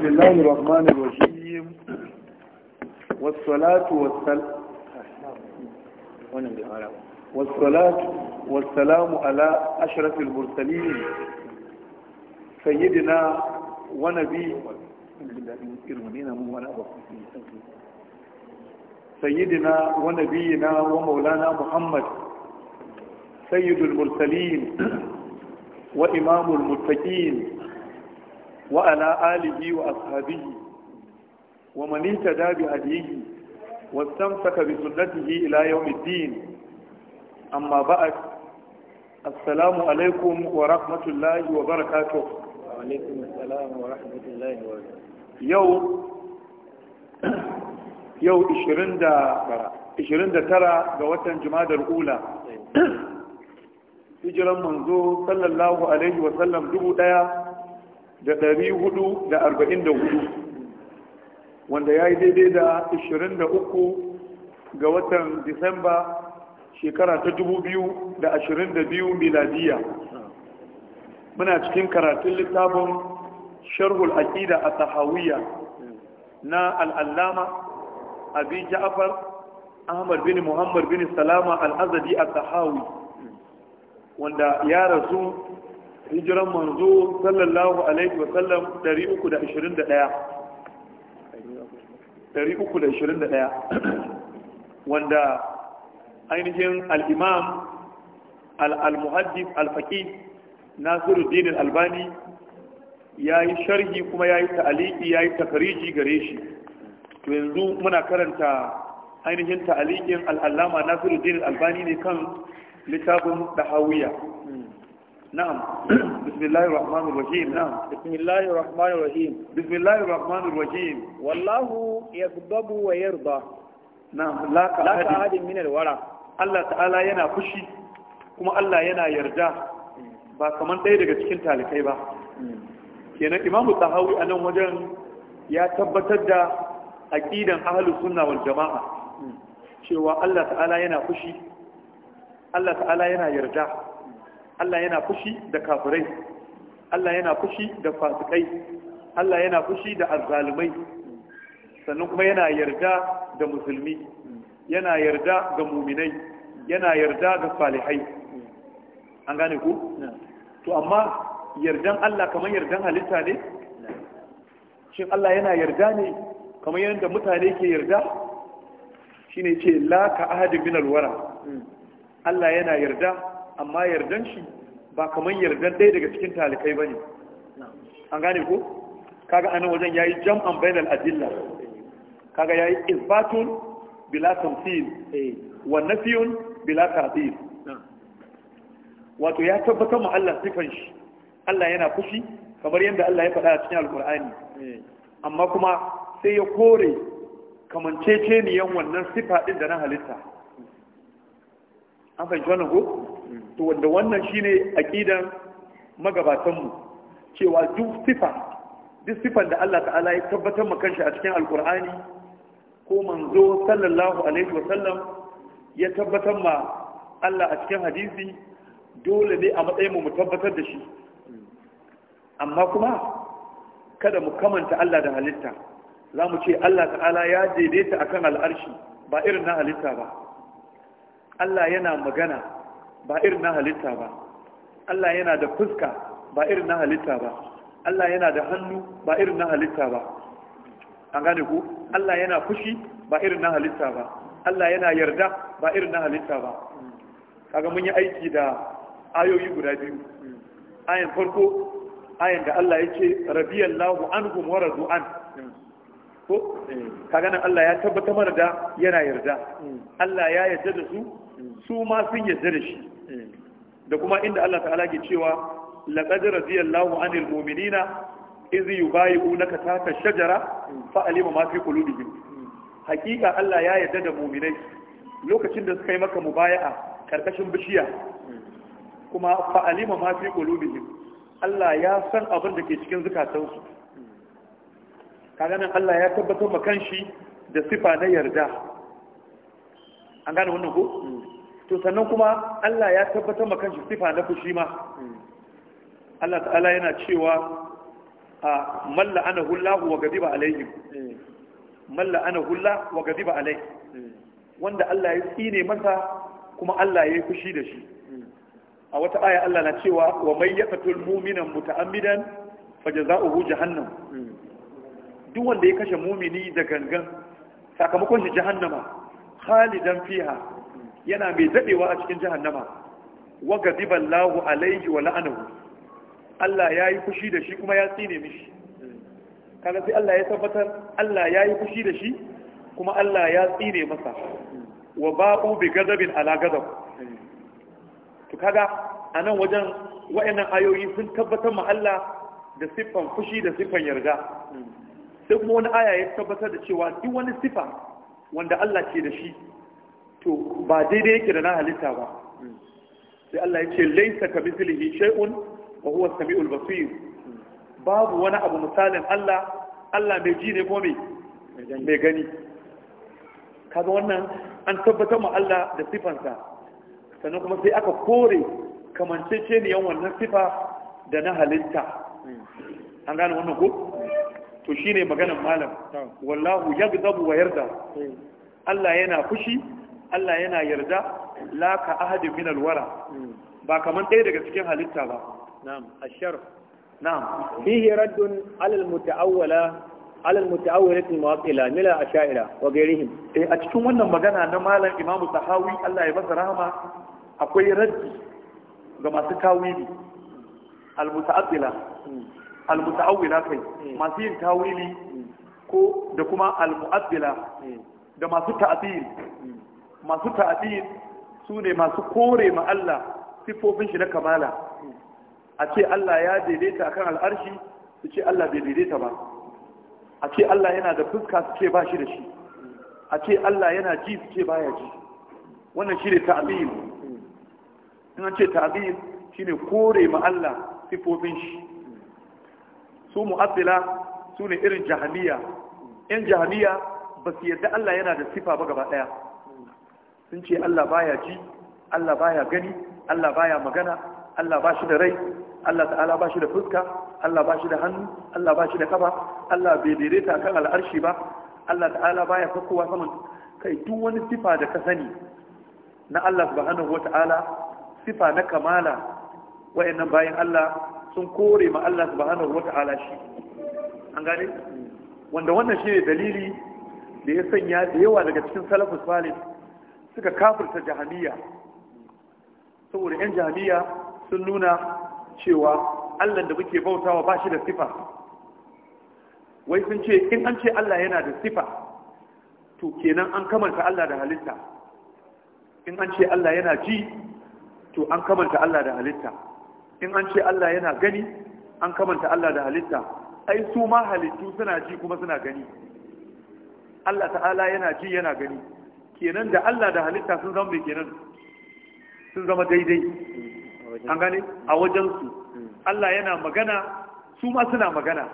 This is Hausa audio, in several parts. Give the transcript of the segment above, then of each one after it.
بسم الله الرحمن الرحيم والصلاة والسلام والصلاة والسلام على أشرف المرسلين سيدنا ونبي سيدنا ونبينا ومولانا محمد سيد المرسلين وإمام المتقين وعلى آله وأصحابه ومن اهتدى بهديه واستمسك بسنته إلى يوم الدين أما بعد السلام عليكم ورحمة الله وبركاته وعليكم السلام ورحمة الله وبركاته يوم يوم 29 ga watan jimadar ula hijiran manzo sallallahu alaihi wasallam dubu daya da ɗari hudu da arba'in da hudu wanda ya yi daidai da ashirin da uku ga watan disamba shekara ta dubu biyu da ashirin da biyu miladiya muna cikin karatun littafin sharhul aqida a tahawiyya na al'allama abi ja'far ahmad bin muhammad bin salama al'azadi a tahawi wanda ya rasu hijiran manzo sallallahu alaihi wa sallam 321 321 wanda ainihin al-imam al-muhaddis al-faqih nasiruddin al-albani yayi sharhi kuma yayi ta'aliki yayi takriji gare shi to yanzu muna karanta ainihin ta'alikin al-allama nasiruddin al-albani ne kan littafin dahawiya نعم بسم الله الرحمن الرحيم نعم بسم الله الرحمن الرحيم بسم الله الرحمن الرحيم والله يغضب ويرضى نعم لا كأحد من الورى الله تعالى yana fushi kuma Allah yana yarda ba kaman ɗaya daga cikin talikai ba kenan Imam Tahawi a nan wajen ya tabbatar da aƙidan ahlus sunna wal jama'a cewa Allah ta'ala yana fushi Allah ta'ala yana yarda Allah yana fushi da kafirai Allah yana fushi da fasikai Allah yana fushi da azzalumai sannan kuma yana yarda da musulmi yana yarda ga muminai yana yarda ga salihai an gane ku to amma yardan Allah kamar yardan halitta ne shin Allah yana yarda ne kamar yadda mutane ke yarda shine ce la ka ahadin min alwara hmm. Allah yana yarda amma yardan shi ba kamar yardan ɗaya daga cikin talikai ba ne an gane ko kaga anan wajen ya yi jam'an bainal adilla kaga ya yi isbatun bila tamsil wa nafiyun bila ta'dil wato ya tabbatar ma Allah sifan shi Allah yana fushi kamar yadda Allah ya faɗa a cikin alkur'ani amma kuma sai ya kore kamanceceniyan wannan sifa ɗin da na halitta an fahimci wannan ko to wanda wannan shine aqidan magabatanmu cewa duk sifa duk sifan da Allah ta'ala ya tabbatar ma shi a cikin alkur'ani ko manzo sallallahu alaihi wa sallam ya tabbatar ma Allah a cikin hadisi dole ne a matsayin mu tabbatar da shi amma kuma kada mu kamanta Allah da halitta za mu ce Allah ta'ala ya daidaita akan al'arshi ba irin na halitta ba Allah yana magana ba irin na halitta ba Allah yana da fuska ba irin na halitta ba Allah yana da hannu ba irin na halitta ba an gane ku Allah yana fushi ba irin na halitta ba Allah yana yarda ba irin na halitta ba kaga mun yi aiki da ayoyi guda biyu ayan farko ayan da Allah yake rabiyallahu anhum wa radu an ko eh. kaga nan Allah ya tabbata mana da yana yarda hmm. Allah ya yarda da su su ma sun yarda da shi da kuma inda Allah ta'ala ke cewa laqad radiyallahu anil mu'minina iz yubayi'unaka tahta shajara fa alima ma fi qulubihim hakika Allah ya yarda da mu'minai lokacin da suka yi maka mubaya'a karkashin bishiya kuma fa alima ma fi qulubihim Allah ya san abin da ke cikin zukatansu kaga nan Allah ya tabbatar ma kanshi da sifa na yarda an gane wannan ko to sannan kuma Allah ya tabbatar ma kanshi sifa na fushi ma Allah ta'ala yana cewa a malla ana hullahu wa gadiba alaihim malla ana hullahu wa gadiba alaihim wanda Allah ya tsine masa kuma Allah ya yi fushi da shi a wata aya Allah na cewa wa mai ya fatul muminan muta'ammidan fajaza'uhu jahannam duk wanda ya kashe mumini da gangan sakamakon shi jahannama khalidan fiha yana mai dadewa a cikin jahannama wa gadiballahu Allahu alaihi wa la'anahu Allah yayi fushi da shi kuma ya tsine mishi kaga sai Allah ya tabbatar Allah yayi fushi da shi kuma Allah ya tsine masa wa ba'u bi gadabin ala gadab to kaga anan wajen wayannan ayoyi sun tabbatar ma Allah da siffan fushi da siffan yarda sai kuma wani aya ya tabbatar da cewa duk wani sifa wanda Allah ke da shi to ba daidai yake da na halitta ba sai Allah ya ce laisa ka mislihi shay'un wa huwa samiul basir babu wani abu misalin Allah Allah mai ji ne ko mai mai gani kaga wannan an tabbatar ma Allah da sifansa sannan kuma sai aka kore kamanceceniyan wannan sifa da na halitta an gane wannan ko to ne maganan malam wallahu ya yaghdabu wa yarda eh. Allah yana fushi Allah yana yarda la ka ahadi min alwara hmm. ba kaman ɗaya daga cikin halitta ba na'am ashar na'am fihi raddun alal mutaawwala alal mutaawwilati muwaqqila mila asha'ira wa ghairihim eh a cikin wannan magana na malam imamu sahawi Allah ya masa rahama akwai raddi ga masu tawili al mutaaddila hmm. al-muta'awwila kai hmm. masu yin tawili hmm. ko da kuma al-mu'addila hmm. da masu ta'dil masu ta'dil su ne masu kore ma Allah sifofin shi na kamala a ce Allah ya daidaita akan al'arshi su ce Allah bai daidaita ba a ce Allah yana da fuska su ce ba shi da shi a ce Allah yana ji su ce baya ji wannan shi ne ta'dil in an ce ta'dil shine kore ma Allah sifofin shi su mu'attila su ne irin jahaniya. yan jahaniya ba su yadda Allah yana da sifa ba gaba daya sun ce Allah baya ji Allah baya gani Allah baya magana Allah ba shi da rai Allah ta'ala ba shi da fuska Allah ba shi da hannu Allah ba shi da kafa Allah bai daidaita kan al'arshi ba Allah ta'ala baya kowa saman kai duk wani sifa da ka sani na Allah subhanahu wata'ala sifa na kamala wayannan bayan Allah sun kore ma Allah subhanahu wata'ala shi an gane wanda wannan shi ne dalili da ya sanya da yawa daga cikin salafu salih suka kafirta jahamiya saboda yan jahamiya sun nuna cewa Allah da muke bautawa ba shi da sifa wai sun ce in an ce Allah yana da sifa to kenan an kamanta Allah da halitta in an ce Allah yana ji to an kamanta Allah da halitta in an ce Allah yana gani an kamanta Allah da halitta ai su ma halittu suna ji kuma suna gani Allah ta'ala yana ji yana gani kenan da Allah da halitta sun zama mai kenan sun zama daidai an gane a wajensu Allah yana magana su ma suna magana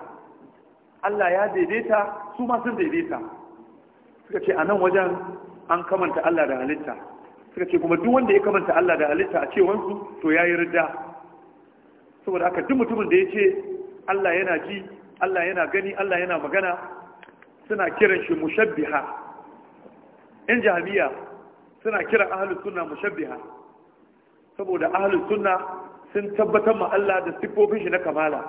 Allah ya daidaita su ma sun daidaita suka ce a nan wajen an kamanta Allah da halitta suka ce kuma duk wanda ya kamanta Allah da halitta a cewansu to ya yi ridda saboda aka duk mutumin da ya ce Allah yana ji Allah yana gani Allah yana magana suna kiran shi mushabbiha in jahamiya suna kiran ahlus sunna mushabbiha saboda ahlus sunna sun tabbatar ma Allah da sifofin shi na kamala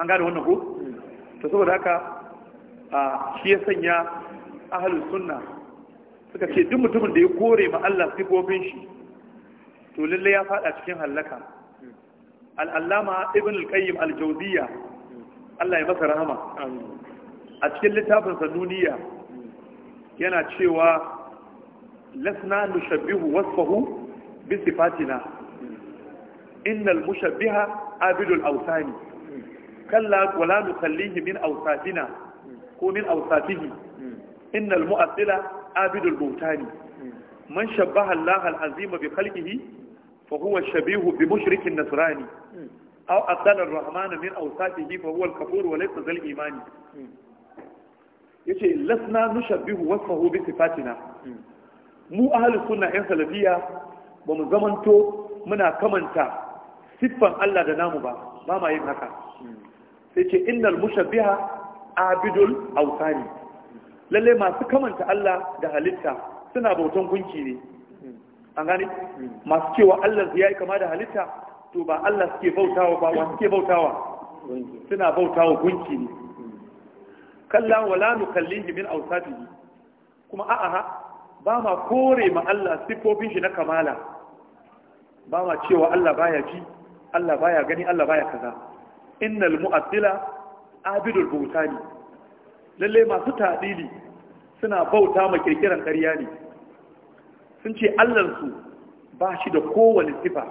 an gane wannan ko to saboda haka a shi ya sanya ahlus sunna suka ce duk mutumin da ya kore ma Allah sifofin shi to lalle ya fada cikin halaka al'allama ibn al-qayyim al-jawziya Allah ya masa rahama a cikin littafin sanuniya yana cewa lasna nushabbihu wasfahu bi sifatina innal mushabbiha abidul awsani kalla wala nukallihi min awsafina ko min awsafihi innal mu'assila abidul bawtani man shabbaha Allah al-azima bi khalqihi fa huwa shabihu bi mushrikin nasrani aw adala ar-rahman min awsatihi fa huwa al-kafur wa laysa zal imani yace lasna nushabbihu wasfahu bi sifatina mu ahlus sunna yan salafiya ba mu zamanto muna kamanta siffan Allah da namu ba ba ma yin haka sai ce innal mushabbiha abidul awsani lalle masu kamanta Allah da halitta suna bautan gunki ne an gani masu cewa Allah ya yi kama da halitta to ba Allah suke bautawa ba wa suke bautawa suna bautawa gunki ne kalla wala nukallihi min awsatihi kuma a'a ba ma kore ma Allah sifofin shi na kamala ba ma cewa Allah baya ji Allah baya gani Allah baya kaza innal mu'addila abidul bautani lalle masu tadili suna bauta ma kirkiran ƙarya ne sun ce allansu ba shi da kowane sifa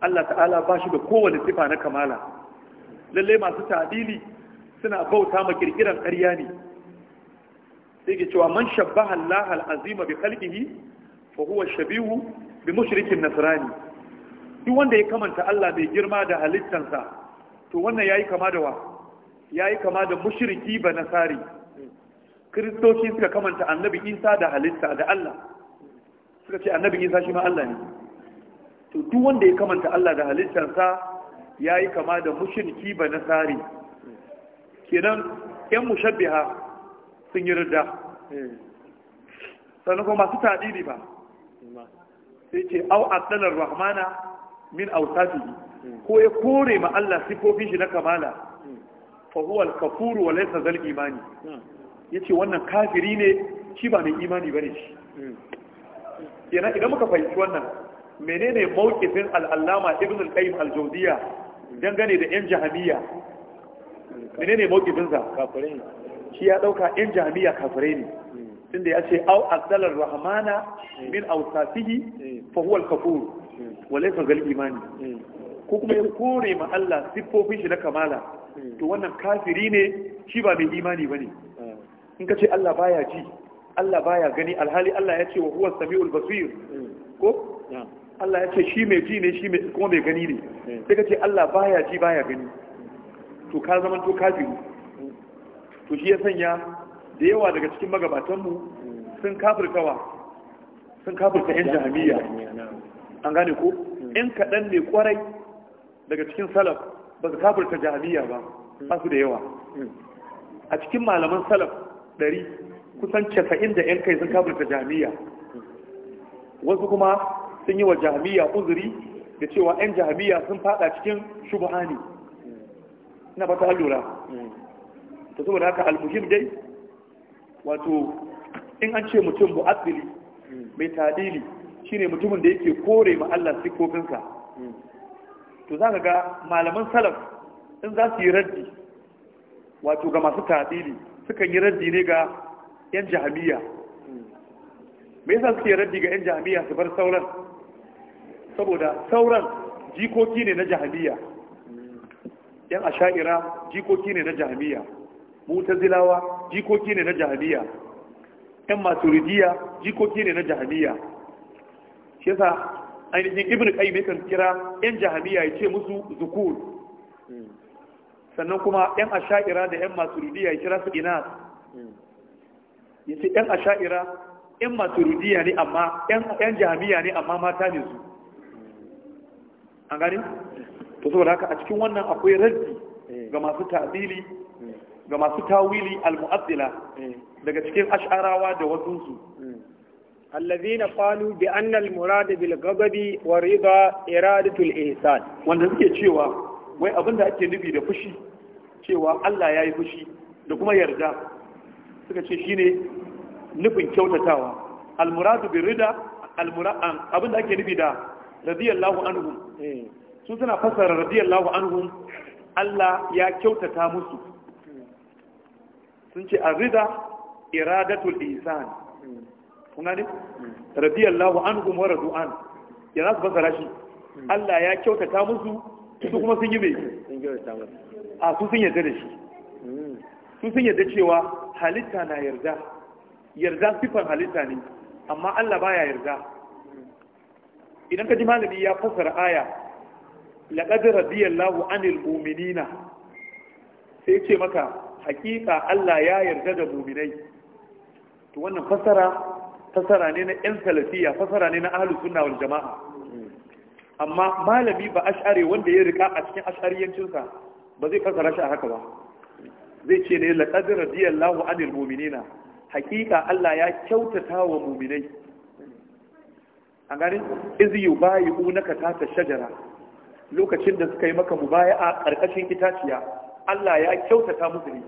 Allah ta'ala ba shi da kowane sifa na kamala lalle masu ta'adili suna bauta ma kirkiran ƙarya ne sai ke cewa man shabbaha Allah al'azima bi khalqihi fa huwa shabihu bi mushrikin nasrani duk wanda ya kamanta Allah mai girma da halittansa to wannan yayi kama da wa yayi kama da mushriki ba nasari kristoci suka kamanta annabi Isa da halitta da Allah suka ce annabi isa shi ma Allah ne to duk wanda ya kamanta Allah da halittarsa ya yi kama da mushriki ba tsari. kenan yan mushabbiha sun yi rida sannan kuma masu tadiri ba sai ce au addalar rahmana min awsatihi ko ya kore ma Allah sifofin shi na kamala fa huwa al-kafur wa laysa zal imani yace wannan kafiri ne shi ba mai imani bane shi kenan idan muka fahimci wannan menene mawqifin al-allama ibn al-qayyim al-jawziya dangane da yan jahmiya menene mawqifin sa kafirai shi ya dauka yan jahmiya kafirai ne tunda ya ce au ar rahmana min awsafihi hmm. fa huwa al-kafur hmm. wa laysa gal imani hmm. ko kuma ya kore ma Allah siffofin shi na kamala to wannan kafiri ne shi ba mai imani bane in ka ce Allah baya ji Allah baya gani alhali Allah ya ce wa huwa sami'ul basir ko Allah ya ce shi mai ji ne shi mai kuma mai gani ne eh. sai ka ce Allah baya ji baya gani to ka zama to kafiri to shi ya sanya da yawa daga cikin magabatanmu sun kafirtawa sun kafirta yan jahamiyya an gane ko in hmm. kaɗan ne kwarai daga cikin salaf ba su kafirta jahamiyya ba ba su da yawa hmm. a cikin malaman salaf ɗari kusan casa'in da 'yan kai sun kafirta jami'a wasu kuma sun yi wa jami'a uzuri da cewa 'yan jami'a sun fada cikin shubhani ina ba ta lura ta saboda haka almuhim dai wato in an ce mutum bu'addili mai tadili shine mutumin da yake kore ma Allah sifofinsa to za ka ga malaman salaf in za su yi raddi wato ga masu tadili sukan yi raddi ne ga yan jahamiya me yasa suke rabbi ga yan jahamiya su bar sauran saboda sauran jikoki ne na jahamiya yan asha'ira jikoki ne na jahamiya mutazilawa jikoki ne na jahamiya yan maturidiya jikoki ne na jahamiya shi yasa ainihin ibn qayyim yakan kira yan jahamiya ya ce musu zukur hmm. sannan kuma yan asha'ira da yan maturidiya ya kira su inas ya ce ‘yan asha'ira ‘yan maturidiya ne amma ‘yan jami'a ne amma mata ne su an gani? to saboda haka a cikin wannan akwai raddi ga masu ga masu tawili al-mu'addila daga cikin ash'arawa da wasu su allazina qalu bi anna al-murad bil ghadabi wa rida iradatu al-ihsan wanda suke cewa wai abinda ake nufi da fushi cewa Allah yayi fushi da kuma yarda suka ce shine nufin kyautatawa almuradu bi rida almura'an abinda ake nufi da radiyallahu anhum eh. sun suna fasara radiyallahu anhum Allah ya kyautata musu sun ce arrida iradatul ihsan hmm. kun gane radiyallahu anhum wa radu'an ya za su fasara shi hmm. Allah ya kyautata musu su kuma sun yi mai a su sun yadda da shi hmm. su sun yadda cewa halitta na yarda yarda sifan halitta ne amma Allah baya yarda idan ka ji malami ya fasara aya laqad radiyallahu anil mu'minina sai ce maka hakika Allah ya yarda da mu'minai to wannan fasara fasara ne na yan salafiya fasara ne na ahlus sunna wal jama'a amma malami ba ash'ari wanda ya rika a cikin ash'ariyancinsa ba zai fasa shi a haka ba zai ce ne laqad radiyallahu anil mu'minina hakika Allah ya kyautata wa mu'minai A gani iz yubayi'unaka tata shajara lokacin da suka yi maka mubaya'a karkashin itaciya Allah ya kyautata musu ne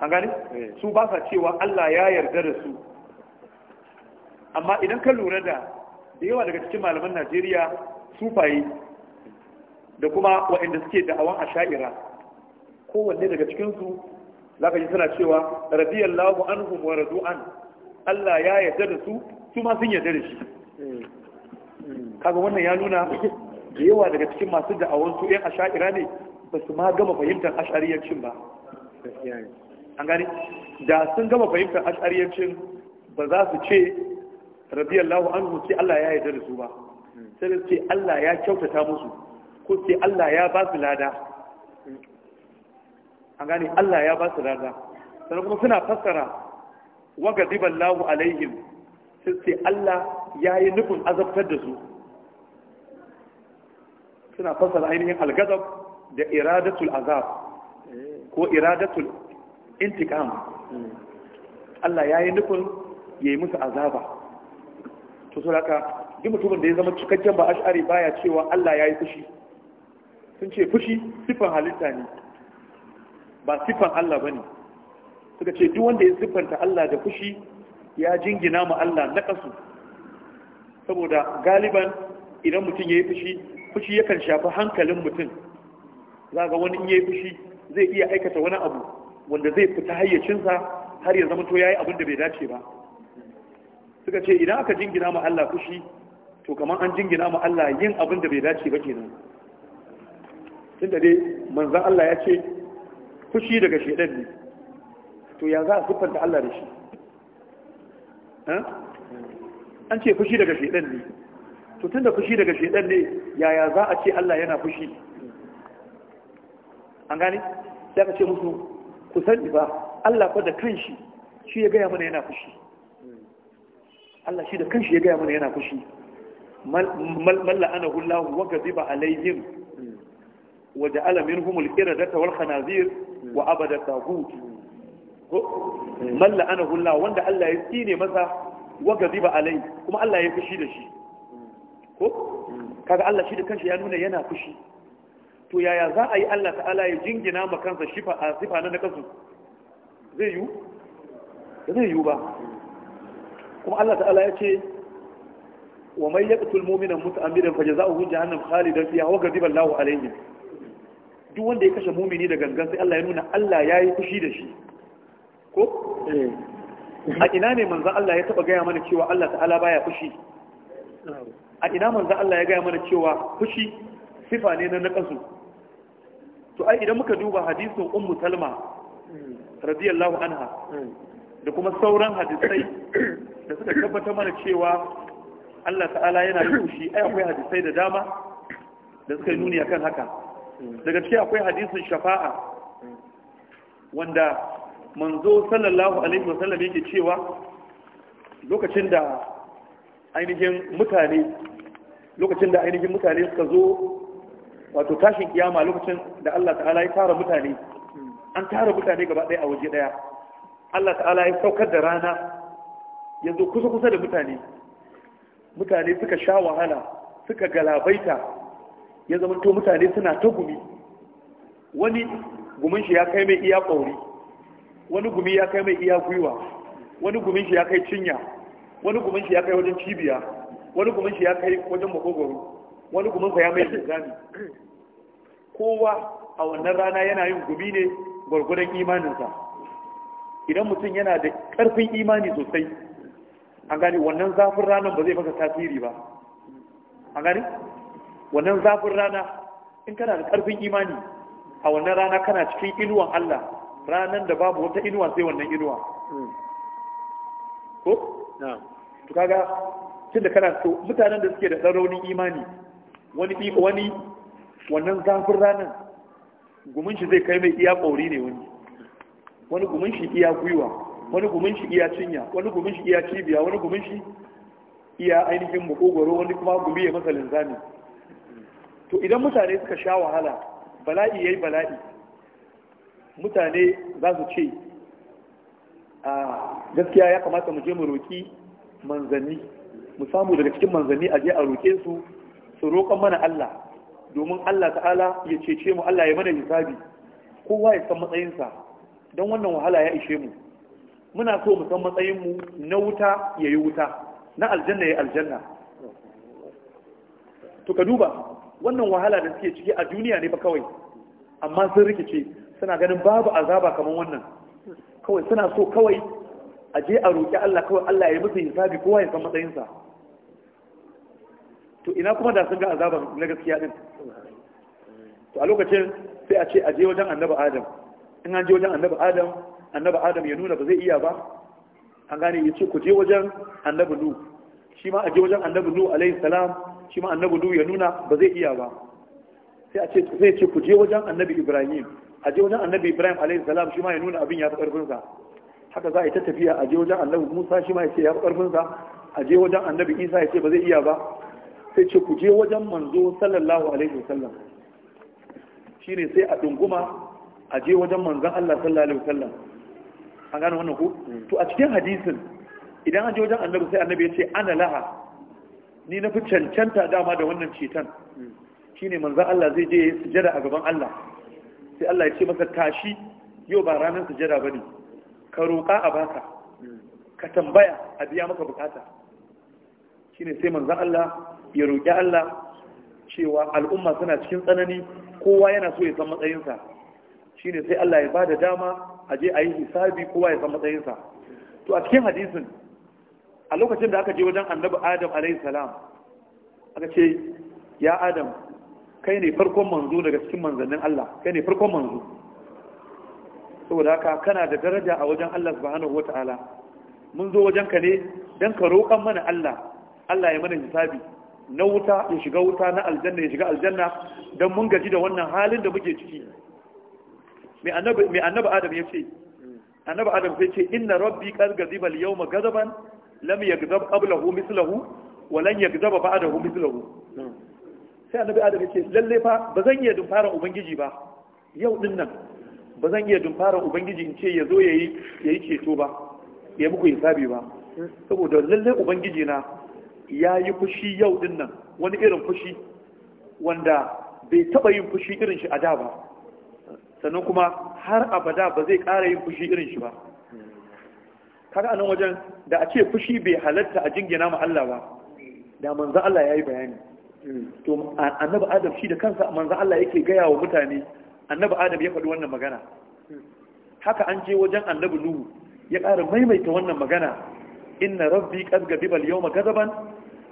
a gani eh. su ba sa cewa Allah ya yarda da su amma idan ka lura da da yawa daga cikin malaman Najeriya sufaye da kuma waɗanda suke da'awan asha'ira kowanne daga cikinsu za ka ji suna cewa radiyallahu anhum wa radu'an Allah ya yarda da su su ma sun yarda da shi kaga wannan ya nuna da yawa daga cikin masu da'awar su yan asha'ira ne ba su ma gama fahimtar ash'ariyancin ba an gani da sun gama fahimtar ash'ariyancin ba za su ce radiyallahu anhu sai Allah ya yarda da su ba sai ce Allah ya kyautata musu ko sai Allah ya ba su lada an gane Allah ya ba su rana sannan kuma suna fassara wa gadiban lahu alaihim sun ce Allah ya yi nufin azabtar da su suna fassara ainihin algazab da iradatul azab ko iradatul intikam Allah ya yi nufin ya yi musu azaba to su raka duk mutumin da ya zama cikakken ba ash'ari baya cewa Allah ya yi fushi sun ce fushi sifan halitta ne ba siffan Allah ba ne suka ce duk wanda ya siffanta Allah da fushi ya jingina ma Allah na kasu saboda galiban idan mutum ya yi fushi fushi yakan shafi hankalin mutum za ga wani in ya yi fushi zai iya aikata wani abu wanda zai fita hayyacinsa har ya zama to ya yi abin da bai dace ba suka ce idan aka jingina ma Allah fushi to kamar an jingina ma Allah yin abin da bai dace ba kenan tun da dai manzan Allah ya ce fushi daga shaidan ne to ya za a siffanta Allah da shi an ce fushi daga shaidan ne to tun da fushi daga shaidan ne yaya za a ce Allah yana fushi an gane sai ka ce musu ku sani ba Allah fa da kanshi shi ya gaya mana yana fushi Allah shi da kanshi ya gaya mana yana fushi malla ana hullahu wa gaziba alaihim waje alamin humul kira da tawar khanazir wa abada tagut malla ana hulla wanda Allah ya tsine masa wa gaziba alai kuma Allah ya fushi da shi ko kaga Allah shi da kanshi ya nuna yana fushi to yaya za a yi Allah ta'ala ya jingina ma kansa shifa a sifa na nakasu zai yu zai yu ba kuma Allah ta'ala ya ce wa wa duk wanda ya kashe mumini da gangan sai Allah ya nuna Allah ya yi fushi da shi ko eh. a ina ne manzan Allah ya taba gaya mana cewa Allah ta'ala baya fushi a ina manzan Allah ya gaya mana cewa fushi sifa ne na nakasu to ai idan muka duba hadisin ummu talma hmm. radiyallahu anha hmm. da kuma sauran hadisai da suka tabbata mana cewa Allah ta'ala yana yi fushi ai akwai hadisai da dama da suka yi nuni akan haka daga ciki akwai hadisin shafa'a wanda manzo sallallahu alaihi wasallam yake cewa lokacin da ainihin mutane lokacin da ainihin mutane suka zo wato tashin kiyama lokacin da Allah ta'ala ya tara mutane an tara mutane gaba ɗaya a waje ɗaya Allah ta'ala ya saukar da rana yanzu kusa-kusa da mutane mutane suka sha wahala suka galabaita ya zama to mutane suna ta gumi wani gumin shi ya kai mai iya ƙauri wani gumi ya kai mai iya gwiwa wani gumin shi ya kai cinya wani gumin shi ya kai wajen cibiya wani gumin shi ya kai wajen makogoro wani gumin ka ya mai zani kowa a wannan rana yana yin gumi ne gwargwadon imaninsa idan mutum yana da ƙarfin imani sosai an gani wannan zafin ranar ba zai maka tasiri ba an gani wannan zafin rana in kana da karfin imani a wannan rana kana cikin inuwan Allah ranan da babu wata inuwa sai wannan inuwa hmm. ko na to kaga da kana so mutanen da suke da tsaraunin imani wani wani wannan zafin ranar gumin shi zai kai mai iya ƙauri ne wani wani gumin shi iya gwiwa wani gumin shi iya cinya wani gumin shi iya cibiya wani gumin shi iya ainihin makogoro wani kuma gumi ya masa linzami to idan mutane suka sha wahala bala'i yayi bala'i mutane za su ce a gaskiya ya kamata mu je mu roki manzanni mu samu daga cikin manzanni a je a roke su su roƙon mana Allah domin Allah ta'ala ya cece mu Allah ya mana hisabi kowa ya san matsayinsa don wannan wahala ya ishe mu muna so mu san matsayinmu na wuta ya yi wuta na aljanna ya aljanna to ka duba wannan wahala da suke ciki a duniya ne ba kawai amma sun rikice suna ganin babu azaba kamar wannan kawai suna so kawai a je a roƙi Allah kawai Allah ya musu hisabi kowa ya san matsayinsa to ina kuma da sun ga azaban na gaskiya din to a lokacin sai a ce a je wajen annabi Adam in an je wajen annabi Adam annabi Adam ya nuna ba zai iya ba an gane ya ce ku je wajen annabi Nuh shi ma a je wajen annabi Nuh alaihi salam shi ma annabi ya nuna ba zai iya ba sai a ce zai ce ku je wajen annabi ibrahim a je wajen annabi ibrahim alaihi salam shi ma ya nuna abin ya fi karfin sa haka za a yi ta tafiya a je wajen annabi musa shi ma ya ce ya fi karfin sa a je wajen annabi isa ya ce ba zai iya ba sai ce ku je wajen manzo sallallahu alaihi wasallam shine sai a dunguma a je wajen manzon Allah sallallahu alaihi wasallam an gane wannan ku to a cikin hadisin idan an je wajen annabi sai annabi ya ce ana laha ni na fi cancanta dama da wannan ceton shine manzan Allah zai je sujada a gaban Allah sai Allah ya ce masa tashi yau ba ranar sujada ba ne ka roƙa a baka ka tambaya a biya maka bukata ne sai manzan Allah ya roƙi Allah cewa al'umma suna cikin tsanani kowa yana so ya san matsayinsa Shi ne sai Allah ya ba da dama a je a yi hisabi kowa ya san matsayinsa to a cikin hadisin a lokacin da aka je wajen annabi adam alayhi salam aka ce ya adam kai ne farkon manzo daga cikin manzannin Allah kai ne farkon manzo saboda haka kana da daraja a wajen Allah subhanahu wata'ala mun zo wajen ka ne dan ka roƙan mana Allah Allah ya mana hisabi na wuta ya shiga wuta na aljanna ya shiga aljanna dan mun gaji da wannan halin da muke ciki mai annabi mai annabi adam ya ce annabi adam sai ce inna rabbi qad ghadiba al-yawma ghadaban lam yakzab qablahu mislahu wa lan yakzaba ba'dahu mislahu sai annabi adam yake lalle fa ba zan iya dumfara ubangiji ba yau din nan ba zan iya dumfara ubangiji in ce ya zo yayi yayi ceto ba ya muku hisabi ba saboda lalle ubangiji na ya yi fushi yau din nan wani irin fushi wanda bai taba yin fushi irin shi a da ba sannan kuma har abada ba zai ƙara yin fushi irin shi ba kaga anan wajen da a ce fushi bai halatta a jingina ma Allah ba da manzo Allah yayi bayani to annabi Adam shi da kansa manzo Allah yake gaya wa mutane annabi Adam ya faɗi wannan magana haka an je wajen annabi Nuhu ya ƙara maimaita wannan magana inna rabbi qad gadiba al-yawma gadaban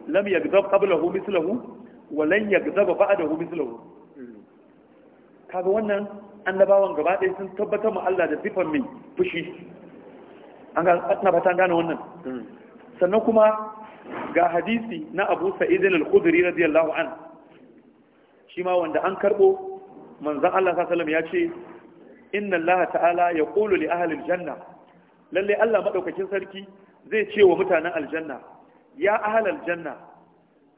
lam yaghdab qablahu mithluhu wa lan ba'dahu mithluhu kaga wannan annabawan gaba ɗaya sun tabbatar ma Allah da sifan mai fushi ana ta gane wannan hmm. sannan kuma ga hadisi na abu sa'idin al-khudri radiyallahu an shi ma wanda an karbo manzan Allah sallallahu ya ce inna Allah ta'ala ya qulu li ahli al-janna lalle Allah madaukakin sarki zai ce wa mutanen aljanna ya ahli al-janna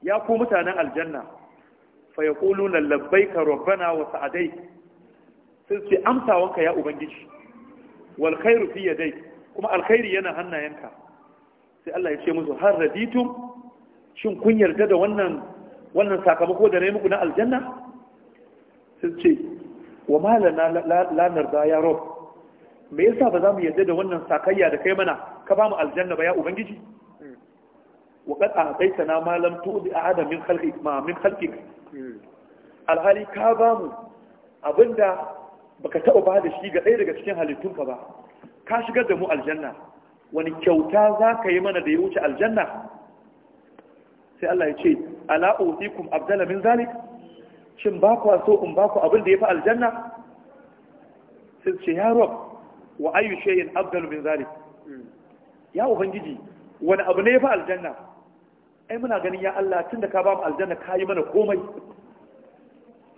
ya ku mutanen aljanna fa yaquluna labbaika rabbana wa sa'adai sai amsawanka ya ubangiji wal khairu fi yadayka kuma alkhairi yana hannayenka sai Allah ya ce musu har raditum shin kun yarda da wannan wannan sakamako da nayi muku na aljanna sai ce wa malana la narda ya rob me yasa ba za mu yarda da wannan sakayya da kai mana ka ba mu aljanna ba ya ubangiji wa qad a'taytana ma lam tu'ti ahada min khalqik ma min khalqik alhali ka ba mu abinda baka taba ba da shi ga ɗaya daga cikin halittunka ba ka shigar da mu aljanna wani kyauta za ka yi mana da ya wuce aljanna sai Allah ya ce ala utikum abdala min zalik shin ba ku so in ba ku abin da ya fi aljanna sai ce ya rob wa ayu shay'in abdal min zalik ya ubangiji wani abu ne ya fi aljanna ai muna ganin ya Allah tunda ka ba mu aljanna ka yi mana komai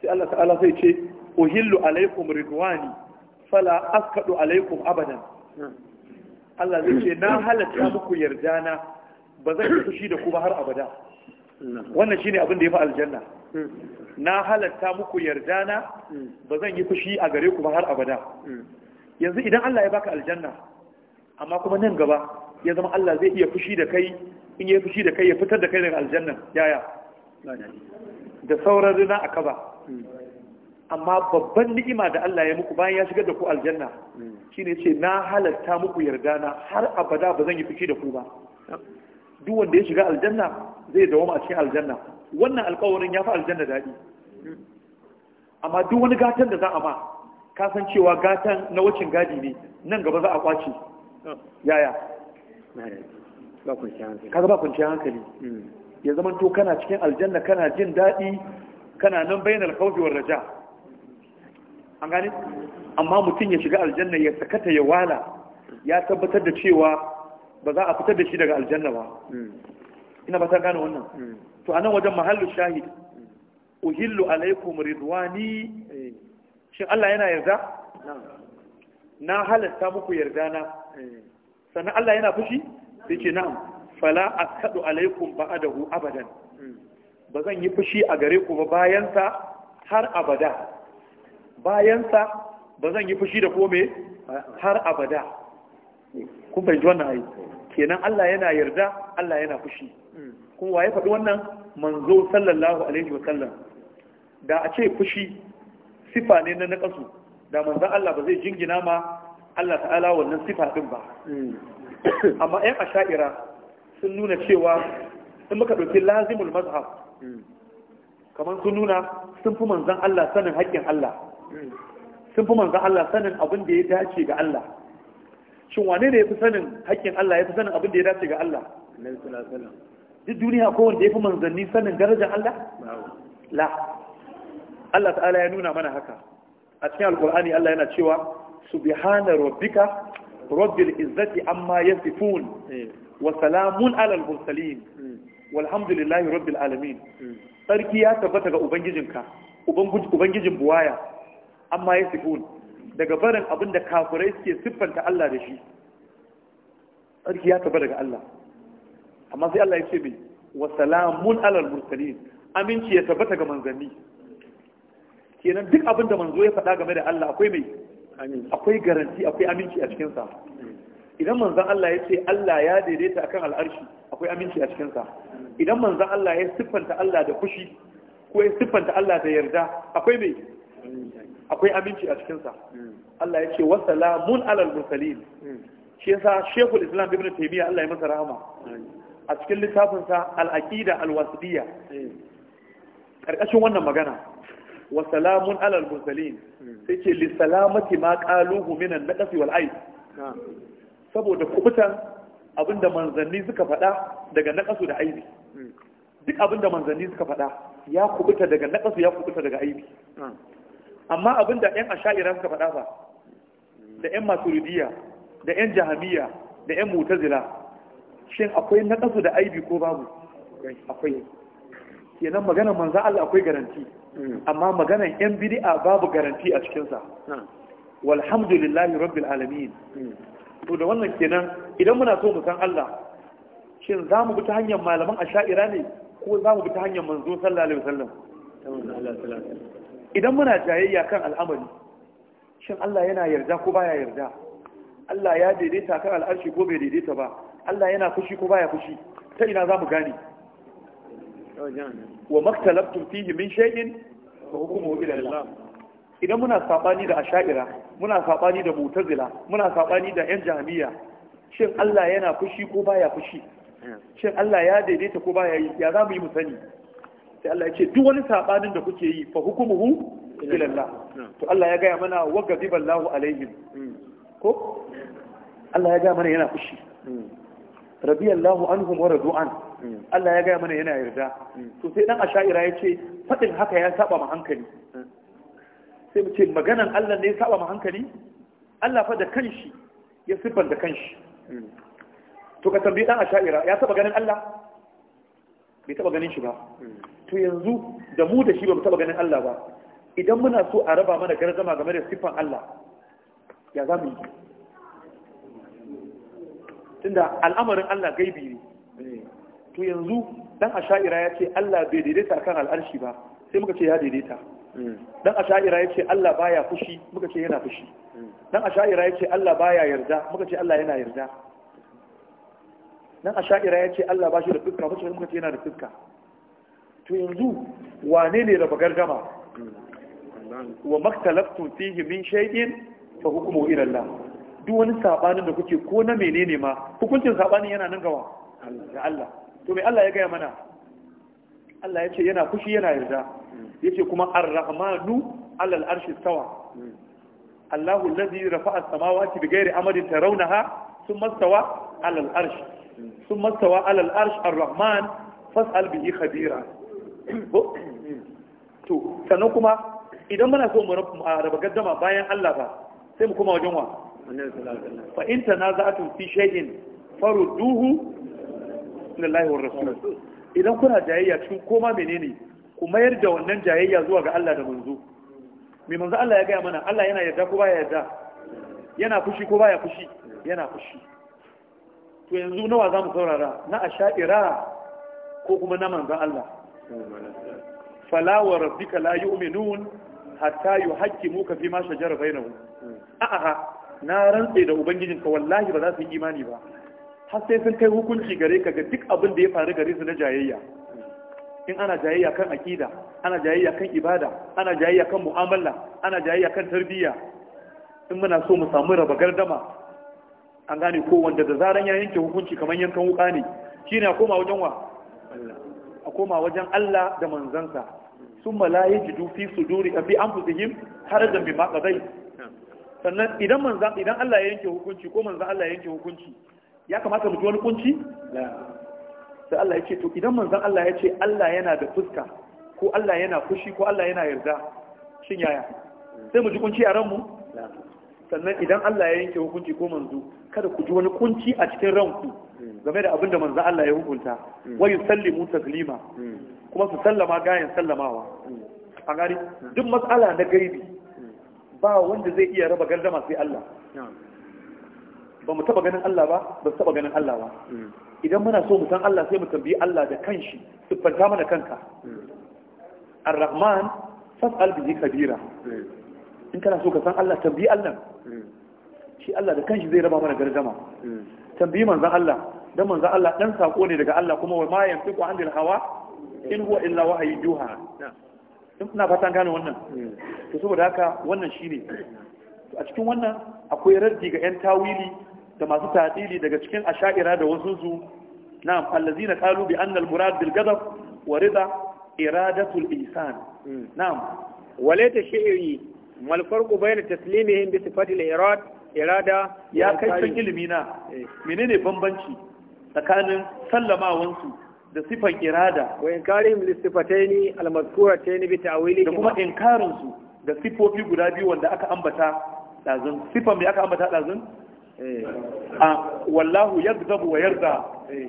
sai Allah ta'ala sai ce uhillu alaikum ridwani fala askadu alaikum abadan Allah zai ce na halatta muku yarda na ba zan yi fushi da ku ba har abada wannan shine abin da ya fi aljanna na halatta muku yarda na ba zan yi fushi a gare ku ba har abada yanzu idan Allah ya baka aljanna amma kuma nan gaba ya zama Allah zai iya fushi da kai in ya fushi da kai ya fitar da kai daga aljanna yaya da sauran rina a kaba amma babban ni'ima da Allah ya muku bayan ya shigar da ku aljanna shine ce na halatta muku yarda na har abada ba zan yi fice da ku ba duk wanda ya shiga aljanna zai dawoma a cikin aljanna wannan alƙawarin ya fi aljanna daɗi amma duk wani gatan da za a ma ka san cewa gatan na wucin gadi ne nan gaba za a kwace yaya ga ba kwanciyar hankali hmm. ya zama to kana cikin aljanna kana jin daɗi kana nan bayan alkawfi raja an gane amma mutum ya shiga aljanna ya sakata ya wala ya tabbatar da cewa ba za a fitar da shi daga aljanna ba ina ba ta gane wannan hmm. to anan wajen mahallu shahid uhillu alaikum ridwani eh. shin Allah yana yarda na halatta muku yarda na eh. sannan Allah yana fushi sai ce na'am fala askadu alaikum ba'adahu abadan hmm. ba zan yi fushi a gare ku ba bayan sa har abada bayansa ba zan yi fushi da kome har abada kun fahimci wannan ai kenan Allah yana yarda Allah yana fushi kuma waye faɗi wannan manzo sallallahu alaihi wa sallam da a ce fushi sifa ne na nakasu da manzo Allah ba zai jingina ma Allah ta'ala wannan sifa din ba amma a asha'ira sun nuna cewa in muka ɗauki lazimul mazhab kamar sun nuna sun fi manzon Allah sanin haƙƙin Allah sun fi manzan Allah sanin abin da ya dace ga Allah shin wane ne ya fi sanin haƙƙin Allah ya fi sanin abin da ya dace ga Allah duk duniya ko wanda ya fi manzanni sanin darajar Allah la Allah ta'ala ya nuna mana haka a cikin alƙur'ani Allah yana cewa subhana rabbika rabbil izzati amma yasifun eh. wa salamun alal mursalin hmm. walhamdulillahi rabbil alamin hmm. sarki ya tabbata ga ubangijinka ubangijin buwaya amma ya sifun daga barin abin da kafirai suke siffanta Allah da shi tsarki ya taba daga Allah amma sai Allah ya ce mai wa salamun alal mursalin aminci ya tabbata ga manzanni kenan duk abin da manzo ya faɗa game da Allah akwai mai akwai garanti akwai aminci a cikinsa. idan manzan Allah ya ce Allah ya daidaita akan al'arshi akwai aminci a cikinsa. idan manzan Allah ya siffanta Allah da fushi ko ya siffanta Allah da yarda akwai mai akwai aminci a cikinsa hmm. Allah ya ce wa salamun alal mursalin hmm. shi yasa shekul islam ibn taymiya Allah ya masa rahama a cikin littafin sa al aqida al wasdiyya karkashin hmm. wannan magana wa salamun alal mursalin sai ce li salamati ma qaluhu min al naqsi wal aib saboda kubutan abinda manzanni suka faɗa daga naqasu da aibi duk abinda manzanni suka faɗa ya kubuta daga naqasu ya kubuta daga aibi amma abin da yan asha'ira suka faɗa ba da yan maturidiyya da yan jahamiya da yan mutazila shin akwai naƙasu da aibi ko babu akwai kenan maganar manza Allah akwai garanti amma maganar yan bid'a babu garanti a cikinsa walhamdulillahi rabbil alamin to da wannan kenan idan muna so mu san Allah shin za mu bi ta hanyar malaman asha'ira ne ko za mu bi ta hanyar manzo sallallahu alaihi wasallam idan muna jayayya kan al'amari shin Allah yana yarda ko baya yarda Allah ya daidaita kan al'arshi ko bai daidaita ba Allah yana fushi ko baya fushi ta ina za mu gane wa maktalabtum fihi min shay'in fa hukmuhu ila Allah idan muna sabani da asha'ira muna sabani da mu'tazila muna sabani da yan jahmiya shin Allah yana fushi ko baya fushi shin Allah ya daidaita ko baya yi ya za mu yi mu sani sai Allah ya ce duk wani sabanin da kuke yi fa hukumuhu ila Allah to Allah ya gaya mana wa gadiballahu alaihim mm. ko Allah ya gaya mana yana fushi mm. radiyallahu anhum wa radu'an mm. Allah ya gaya mana yana yarda to sai dan asha'ira ya ce fadin haka ya saba ma hankali sai mu ce maganan Allah ne ya saba ma hankali Allah fa da kanshi ya siffar da kanshi to ka tambayi dan asha'ira ya saba ganin Allah bai taba ganin shi ba to yanzu da mu da shi ba mu taba ganin Allah ba idan muna so a raba mana garzama game da siffan Allah ya za mu yi tunda al'amarin Allah gaibi ne to yanzu dan asha'ira ya ce Allah bai daidaita kan al'arshi ba sai muka ce ya daidaita dan asha'ira ya ce Allah baya fushi muka ce yana fushi dan asha'ira ya ce Allah baya yarda muka ce Allah yana yarda dan asha'ira ya ce Allah ba shi da fuska muka ce yana da fuska to yanzu wane ne raba gargama wa maktalaftu fihi min shay'in fa hukmu ila Allah duk wani sabanin da kuke ko na menene ma hukuncin sabanin yana nan gawa ga Allah to me Allah ya gaya mana Allah ya ce yana kushi yana yarda yace kuma ar-rahmanu alal arshi tawa Allahu allazi rafa'a as-samawati bighairi amadin tarawnaha thumma istawa alal arshi thumma istawa alal arshi ar-rahman fas'al bihi khabira to sannan kuma idan muna so mu raba gaddama bayan Allah ba sai mu koma wajen wa fa in tanaza'tum fi shay'in farudduhu lillahi war rasul idan kuna jayayya cikin koma menene ku mayar da wannan jayayya zuwa ga Allah da manzo mai manzo Allah ya gaya mana Allah yana yarda ko baya yarda yana fushi ko baya fushi yana fushi to yanzu nawa za mu saurara na asha'ira ko kuma na manzon Allah fala wa rabbika la yu'minun hatta yuhaqqimuka fi ma shajara bainahum a'a na rantse da ubangijin ka wallahi ba za su yi imani ba har sai sun kai hukunci gare ka ga duk abin da ya faru gare su na jayayya in ana jayayya kan akida ana jayayya kan ibada ana jayayya kan mu'amala ana jayayya kan tarbiyya in muna so mu samu raba gardama an gane ko wanda da zaran ya yanke hukunci kamar yankan wuka ne shine a koma wajen wa ka koma wajen Allah da manzansa sun malaye jidu fi su duri a fi an fusihim har da bi maƙazai sannan idan manzan idan Allah ya yanke hukunci ko manzan Allah ya yanke hukunci ya kamata mu ji wani kunci sai Allah ya ce to idan manzan Allah ya ce Allah yana da fuska ko Allah yana fushi ko Allah yana yarda shin yaya sai mu ji kunci a ranmu sannan idan Allah ya yanke hukunci ko manzo kada ku ji wani kunci a cikin ranku game da abinda manzo Allah ya hukunta mm. wa yusallimu taslima mm. kuma su sallama gayan sallamawa mm. a gari duk matsala na gaibi ba wanda zai iya raba gardama sai Allah ba mu taba ganin Allah ba ba taba ganin Allah ba idan muna so mu san Allah sai mu tambayi Allah da kanshi siffanta mana kanka ar-rahman fas'al bihi kabira in kana so ka san Allah tambayi Allah shi Allah da kanshi zai raba mana gardama tambayi manzan Allah dan manzan Allah dan sako ne daga Allah kuma wa ma yantiqu anil hawa in huwa illa wahayi juha ina fatan gane wannan to saboda haka wannan shine a cikin wannan akwai raddi ga yan tawili da masu tadili daga cikin asha'ira da wasu su na'am allazina qalu bi anna al-murad bil ghadab wa rida iradatu al-ihsan hmm. na'am walaita shi'i mal farqu bayna taslimihim bi sifati al-irad irada ya kai san ilimi na eh. menene bambanci tsakanin sallamawansu da sifan irada wa inkarihim li sifataini almadhkurataini bi ta'wili da kuma inkarin su da sifofi guda biyu wanda aka ambata dazun sifan me aka ambata dazun eh. a wallahu yadhabu wa yarda eh.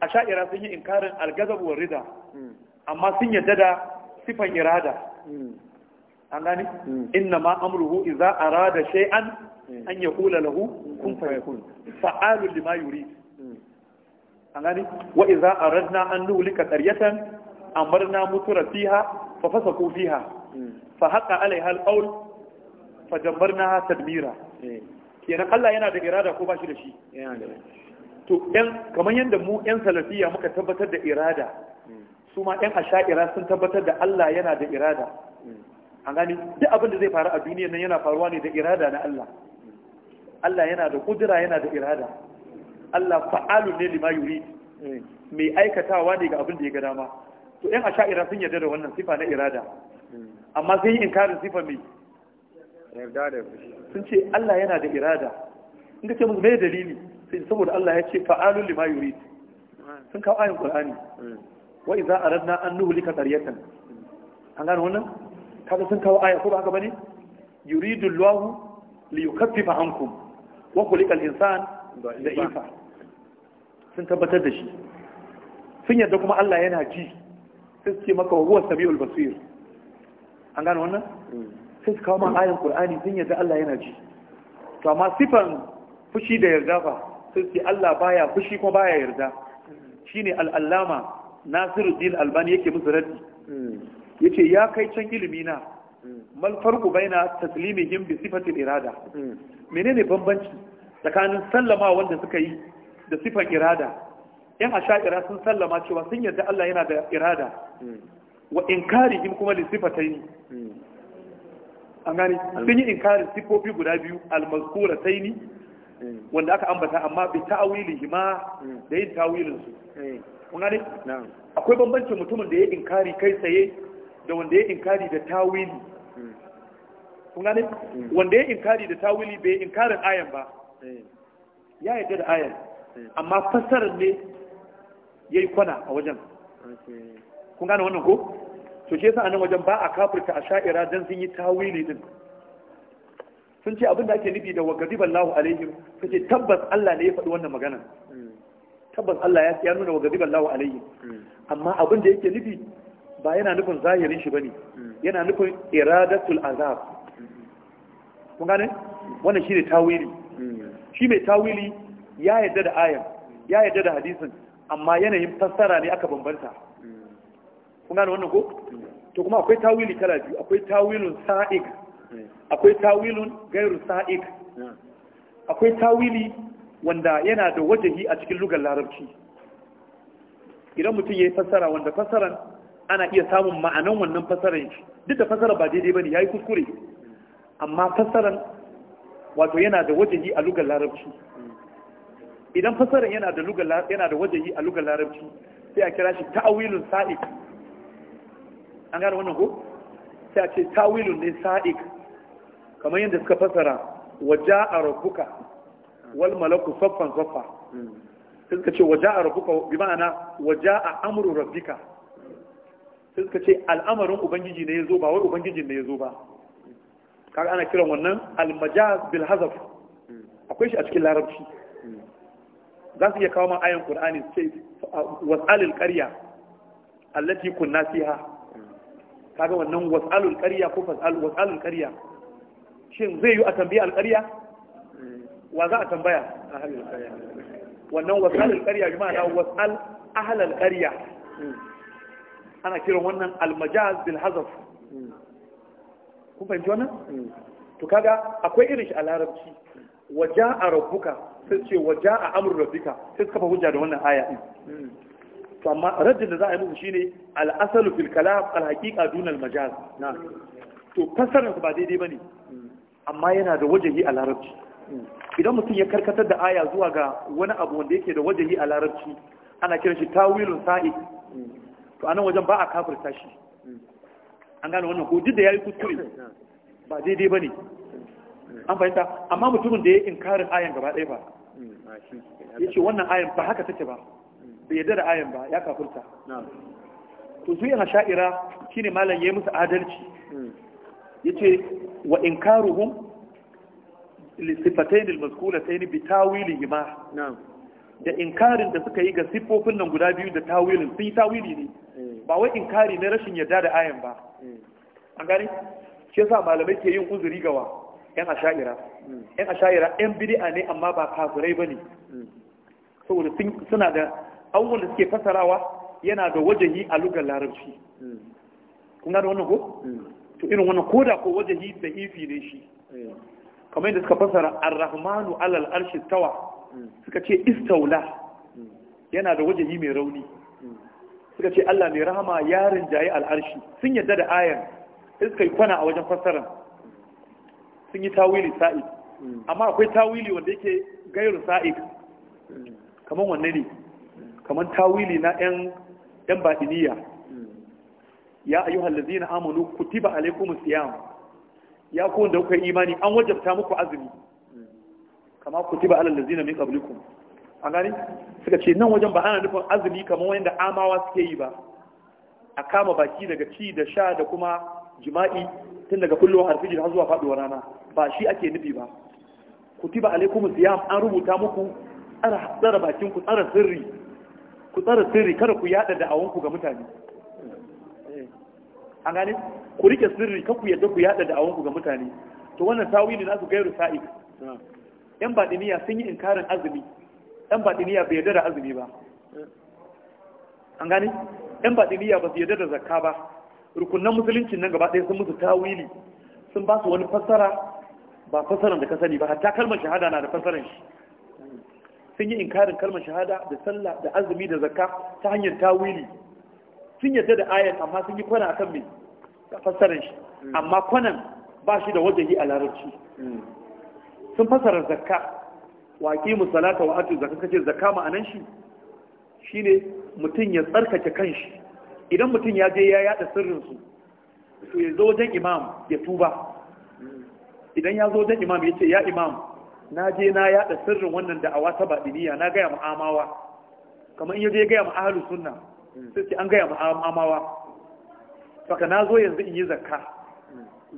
a sha'ira sun yi inkarin algazabu wa rida hmm. amma sun yadda da sifan irada hmm. an gani hmm. inna ma amruhu idza arada shay'an Hmm. an ya kula lahu kun yakun fa'alu lima yuri hmm. an gani wa idza aradna an nuhlika qaryatan amarna mutura fiha fa fasaku fiha hmm. fa haqa alaiha alqawl fa jambarnaha tadmira kenan Allah yana da irada ko ba shi da shi to yan kamar yanda mu yan salafiya muka tabbatar da irada su ma yan asha'ira sun tabbatar da Allah yana da irada an gani duk abin da zai faru a duniyar nan yana faruwa ne da irada na Allah Allah yana da kudura yana da irada Allah fa'alu ne lima yuri eh. mai aikatawa ne ga abin da ya ga dama to yan asha'ira sun yarda da wannan sifa na irada hmm. amma sai yi inkarin sifa mai sun ce Allah yana da irada in ka ce musu mai dalili sai saboda Allah ya ce fa'alun lima yuri hmm. sun kawo ayin qur'ani hmm. wa idza aradna an nuhlika qaryatan an gano wannan kaga sun kawo aya ko ba haka bane yuridu Allahu li yukaffifa ankum Wakulikal insan da ifa sun tabbatar da shi sun yadda kuma Allah yana ji Sun ce maka wa huwa sami'ul basir an gano wannan Sun kawo ma ayin qur'ani sun yadda Allah yana ji to amma sifan fushi da yarda fa Sun ce Allah baya fushi kuma baya yarda shine al-allama Nasiruddin Albani yake musu raddi hmm. yace ya kai can ilimi na mal bai baina taslimihim bi sifati irada hmm. menene bambanci tsakanin sallama wanda suka yi da sifan irada yan asha'ira sun sallama cewa sun yarda Allah yana da irada hmm. wa inkarihim kuma li sifataini hmm. an gani sun yi inkari sifofi guda biyu almazkura taini wanda aka ambata amma bi ta'awili hima da yin ta'awilin su kun gani akwai bambancin mutumin da ya inkari kai tsaye da wanda ya inkari da ta'awili kun gane mm. wanda ya inkari da tawili bai inkarin ayan ba eh. ya yarda da ayan eh. amma fassarar ne ya yi kwana a wajen kun gane wannan ko to shi yasa a nan wajen ba a kafirta a sha'ira don sun yi tawili din sun ce abin da ake nufi da wa gadiban lahu alaihim sun ce tabbas Allah ne ya faɗi wannan magana mm. tabbas Allah ya nuna wa gadiban lahu alaihim mm. amma abin da yake nufi ba yana nufin zahirin shi bane yana nufin iradatul azab kun gane wannan ne tawili shi mai tawili ya yadda da ayan ya yadda da hadisin amma yanayin fassara ne aka bambanta kun gane wannan ko to kuma akwai tawili kala biyu akwai tawilun sa'ik akwai tawilun gairu sa'ik akwai tawili wanda yana da wajahi a cikin lugar larabci idan mutum ya yi fassara wanda fassaran ana iya samun ma'anan wannan fassaran shi duk da fassara ba daidai ba ne ya yi kuskure amma fasaran, wato yana da yi a lugar larabci idan fasaran yana da lugar yana da a lugar larabci sai a kira shi ta'awilun sa'ik an gane wannan ko sai a ce ta'awilun ne sa'ik kamar yadda suka fassara a rabuka wal malaku saffan saffa sai suka ce a rabuka bi ma'ana a amru rabbika sai suka ce al'amarin ubangiji ne ya zo ba wai ubangijin ne ya zo ba kaga ana kiran wannan almajaz bil hazaf akwai shi a cikin larabci za su iya kawo ma ayan qur'ani ce was'alil qarya allati kunna fiha kaga wannan was'alul qarya ko fas'al was'alul qarya shin zai yi a tambayi al alƙarya wa za a tambaya wannan was'al alƙarya bi ma'ana was'al ahlal qarya ana kiran wannan almajaz bil hazaf kun fahimci wannan to kaga akwai irin shi a larabci waja a rabbuka sai ce waja a amur rabbika sai suka da wannan aya din to amma raddin da za a yi mu shine al-asalu fil kalam al-haqiqa dun al-majaz na to fasarar ba daidai bane amma yana da wajahi a larabci idan mutum ya karkatar da aya zuwa ga wani abu wanda yake da wajahi a larabci ana kiran shi tawilun sa'i to anan wajen ba a kafirta shi an gane wannan ko duk da yayi kuskure ba daidai bane an fahimta amma mutumin da ya inkarin ayan gaba ɗaya ba ya ce wannan ayan ba haka take ba bai yarda da ayan ba ya kafurta to su yana sha'ira shine malam ya yi musu adalci hmm. ya ce wa inkaruhum sifatain almazkulatain bi tawilihima da inkarin da suka yi ga siffofin nan guda biyu da tawilin sun yi tawili ne ba wai in inkari na rashin yarda da ayan ba an gani shi yasa malamai ke yin uzuri gawa yan asha'ira yan asha'ira yan bid'a ne amma ba kafirai bane saboda suna da abubuwan da suke fasarawa yana da wajahi a lugar larabci kun gane wannan ko to irin wannan koda ko wajahi da ifi ne shi kamar yadda suka fasara ar-rahmanu alal arshi tawa suka ce istaula yana da wajahi mai rauni suka ce Allah mai rahama ya rinjaye al'arshi sun yadda da ayar sai suka yi kwana a wajen fassarar sun yi tawili sa'id amma akwai tawili wanda yake gairu sa'id kamar wanne ne kamar tawili na yan ya ayi ya na ladzina ku tiba alaykumus siyam ya kowanda kuka kuka imani an wajabta muku azumi kama tiba alal na min qablikum a gani suka ce nan wajen ba ana nufin azumi kamar wanda amawa suke yi ba a kama baki daga ci da sha da kuma jima'i tun daga kullum harfijin har zuwa faduwar rana ba shi ake nufi ba ku kutiba alaikum siyam an rubuta muku tsara tsara bakin ku tsara sirri ku tsara sirri kada ku yada da'awun ku ga mutane an gani ku rike sirri kada ku yadda ku yada da'awun ku ga mutane to wannan tawili su gairu sa'id yan badiniya sun yi inkarin azumi ɗan baɗiniya bai yarda da azumi ba an gani ɗan baɗiniya ba su yarda da zakka ba rukunan musuluncin nan gaba ɗaya sun musu tawili sun ba su wani fassara ba fassaran da ka sani ba hatta kalmar shahada na da fassaran shi sun yi inkarin kalmar shahada da sallah da azumi da zakka ta hanyar tawili sun yarda da ayat amma sun yi kwana akan mai fassaran shi mm. amma kwanan ba shi da wajahi a larabci mm. sun fassara zakka wa musalata wa atu zakata kace zakka ma'anan shi shine mutum ya tsarkake kanshi idan mutum ya je ya yada sirrin su to ya zo wajen imam ya tuba idan ya zo wajen imam ya ce ya imam na je na yada sirrin wannan da awa ta badiniya na gaya mu'amawa kamar in ya je ya gaya mu ahlus sunna sai ce an gaya mu'amawa Faka na zo yanzu in yi zakka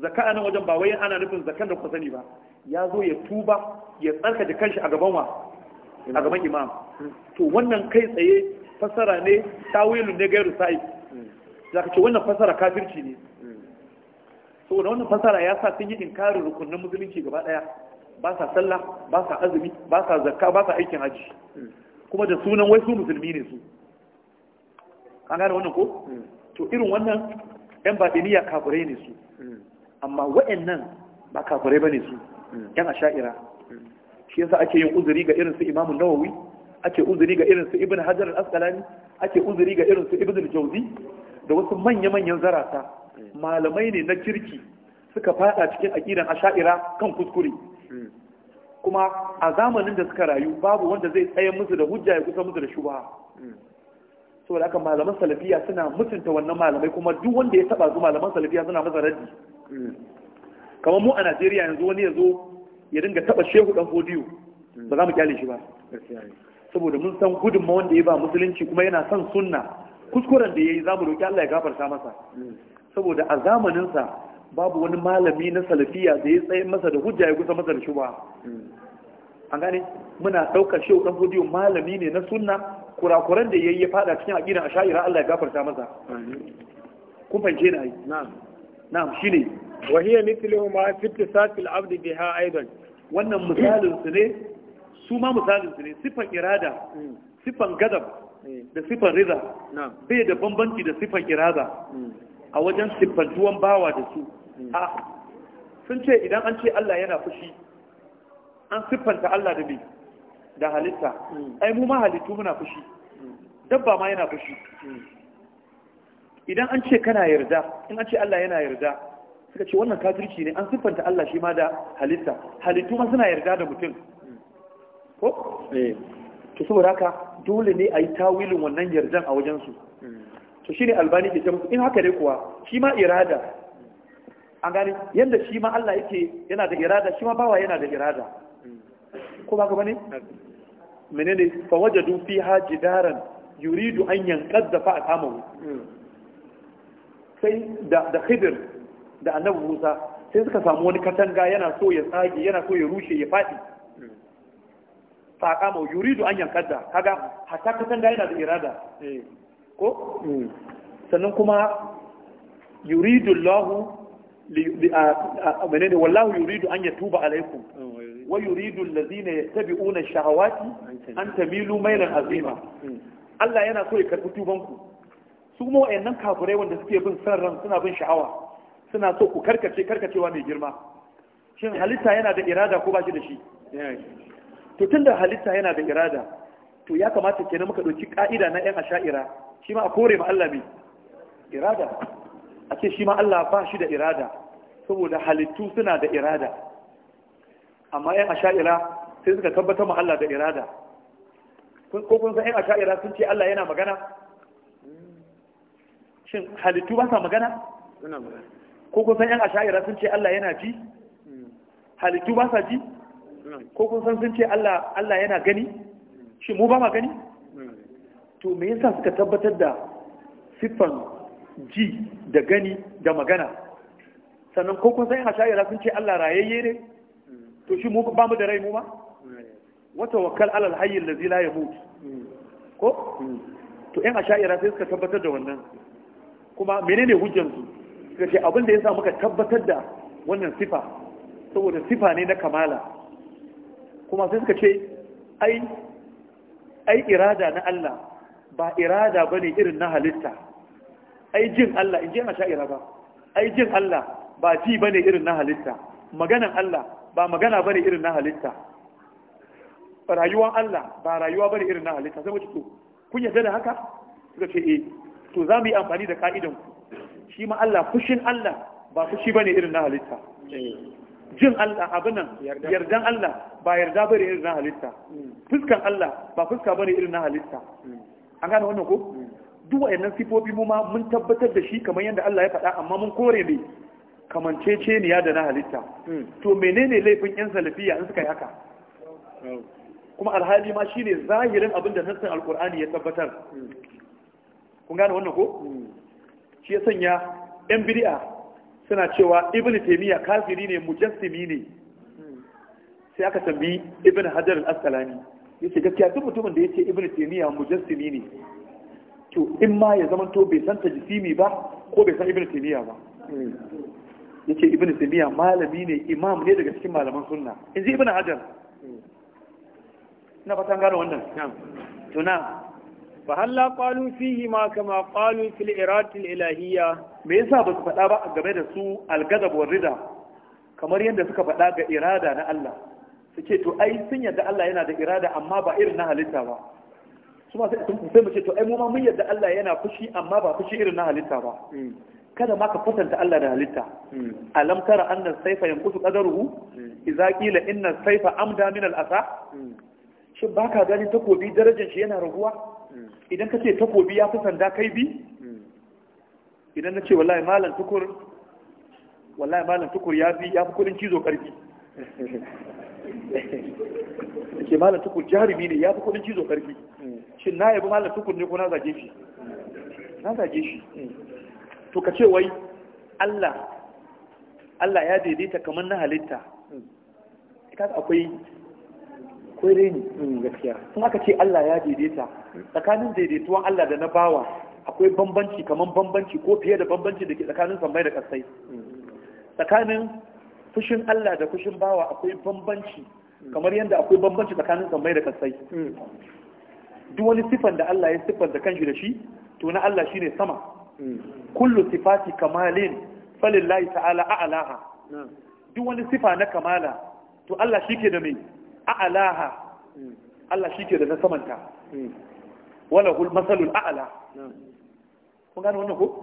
zakka anan wajen ba wai ana nufin zakkan da ku sani ba ya zo ya tuba ya tsarkake kanshi a gaban wa a gaban imam to wannan kai tsaye fasara ne tawilu ne gairu sa'i zaka ce wannan fasara kafirci ne saboda wannan fasara ya sa sun yi inkarin rukunin musulunci gaba daya ba sa sallah ba sa azumi ba sa zakka ba sa aikin haji kuma da sunan wai su musulmi ne su an gane wannan ko to irin wannan yan baɗiniya kafirai ne su amma wa'annan ba kafirai ba ne su yan sha'ira shi yasa ake yin uzuri ga irin su imamu nawawi ake uzuri ga irin su ibn hajar al-asqalani ake uzuri ga irin su ibn al-jawzi da wasu manya-manyan zarata malamai ne na kirki suka fada cikin aqidan asha'ira kan kuskure kuma a zamanin da suka rayu babu wanda zai tsaya musu da hujja ya kusa musu da shubha saboda haka malaman salafiya suna mutunta wannan malamai kuma duk wanda ya taba su malaman salafiya suna masa raddi kamar mu a Najeriya yanzu wani yanzu ya dinga taba shehu dan hodiyo ba za mu kyale shi ba saboda mun san gudun ma wanda ya ba musulunci kuma yana son sunna kuskuren da yayi mu roki Allah ya gafarta masa mm. saboda a zamanin sa babu wani malami na salafiya da ya tsaye masa da hujja ya kusa masa da ba mm. an gane muna daukar shehu dan hodiyo malami ne na sunna kurakuran da yayi ya fada cikin a ashaira Allah ya gafarta masa kun fahimce ni ai na'am na'am shine wa hiya mithluhu ma fi ittisafi al-abd biha aidan wannan misalin su ne su ma misalin su ne sifan irada hmm. hmm. da sifan riza bai da bambanci da sifan irada hmm. a wajen siffantuwan bawa da su a sun ce idan an ce Allah yana fushi an siffanta Allah da me da halitta ai mu ma halittu muna fushi dabba ma yana fushi idan an ce kana yarda in an ce Allah yana yarda suka ce wannan kafirci ne an siffanta Allah shi ma da halitta halittu ma suna yarda da mutum ko eh. to saboda haka dole ne a yi tawilin wannan yardan a wajen su to shine albani ke cewa in haka ne kuwa shi ma irada an gane yadda shi ma Allah yake yana da irada shi ma bawa yana da irada ko ba ka bane menene fa wajadu fiha jidaran yuridu an yanqadda fa aqamahu hmm. sai da da khidir da annabi Musa sai suka samu wani katanga yana so ya tsage yana so ya rushe ya faɗi faƙa mau yuridu an yankadda kaga hatta katanga yana da irada eh. ko sannan kuma yuridu Allahu menene wallahu yuridu an yatuba alaikum oh, wa yuridu allazina yattabi'una shahawati an tamilu mailan azima hmm. Allah yana so ya karbi tubanku su kuma wayannan kafirai wanda suke bin san ran suna bin sha'awa suna so ku karkace karkacewa mai girma shin halitta yana da irada ko ba shi da shi to tunda halitta yana da irada to ya kamata ke muka ɗauki ƙa'ida na 'yan asha'ira shi ma a kore ma Allah mai irada a ce shi ma Allah ba shi da irada saboda halittu suna da irada amma 'yan asha'ira sai suka tabbatar ma Allah da irada ko kun san 'yan asha'ira sun ce Allah yana magana shin halittu ba sa magana ko kun san yan asha'ira sun ce Allah yana ji halittu ba sa ji ko kun san sun ce Allah yana gani shi mu ba ma gani to me yasa suka tabbatar da siffan ji da gani da magana sannan ko kun san yan asha'ira sun ce Allah rayayye ne to shi mu ba mu da rai mu ma wata wakal alal hayyin lazi la yamut ko to yan asha'ira sai suka tabbatar da wannan kuma menene hujjar su suka ce abinda ya sa muka tabbatar da wannan sifa saboda sifa ne na kamala kuma sai suka ce ai ai irada na Allah ba irada bane irin na halitta ai jin Allah in ji na sha'ira ba ai jin Allah ba ji bane irin na halitta maganan Allah ba magana bane irin na halitta rayuwar Allah ba rayuwa bane irin na halitta sai wace to kun yarda da haka suka ce eh to za mu yi amfani da ka'idanku. shi ma Allah fushin Allah ba fushi bane irin na halitta jin Allah abinan yardan Allah ba yarda bane irin na halitta fuskan Allah ba fuska bane irin na halitta an gane wannan ko duk wayannan sifofi mu ma mun tabbatar da shi kamar yadda Allah ya faɗa amma mun kore ne kamancece ne ya da na halitta to menene laifin yan salafiya in suka yi haka kuma alhali ma shine zahirin abin da nassin alkur'ani ya tabbatar kun gane wannan ko shi ya sanya yan bid'a suna cewa ibnu taymiya kafiri ne mujassimi ne sai aka tambi ibnu hajar al-asqalani yace gaskiya duk mutumin da yace ibnu taymiya mujassimi ne to in ma ya zama to bai san tajsimi ba ko bai san ibnu taymiya ba yace ibnu taymiya malami ne imam ne daga cikin malaman sunna inji ibnu hajar hmm. na fatan gano wannan to فهلا قالوا فيهما كما قالوا في الإرادة الإلهية ميسا بس فتابة قبل سوء الغضب والرضا kamar yadda suka faɗa ga irada na Allah suke to ai sun yadda Allah yana da irada amma ba irin na halitta ba su ma sai mu ce to ai mu ma mun yadda Allah yana fushi amma ba fushi irin na halitta ba kada ma ka kwatanta Allah da halitta alam tara anna saifa yanqutu qadaruhu idza qila inna saifa amda min asa shin baka ganin takobi darajar yana raguwa idan ka ce takobi ya fi sanda kai bi idan na ce wallahi malam tukur wallahi malam tukur ya fi ya fi kudin cizo karfi ke malam tukur jarumi ne ya fi kudin cizo karfi shin na yabi malam tukur ne ko na zage shi na zage shi to ka ce wai Allah Allah ya daidaita kamar na halitta akwai ne in gaskiya sun aka ce Allah ya daidaita tsakanin daidaituwan Allah da na bawa akwai bambanci kamar bambanci ko fiye da bambanci da ke tsakanin sammai da kasai tsakanin fushin Allah da fushin bawa akwai bambanci kamar yadda akwai bambanci tsakanin sammai da kasai duk wani sifan da Allah ya da kanshi da shi to na Allah shine sama kullu sifati kamalin falillahi ta'ala a'laha duk wani sifa na kamala to Allah shi ke da mai a'alaha hmm. Allah shi ke da na samanta hmm. wala hul masalul a'la hmm. kun gane wannan ko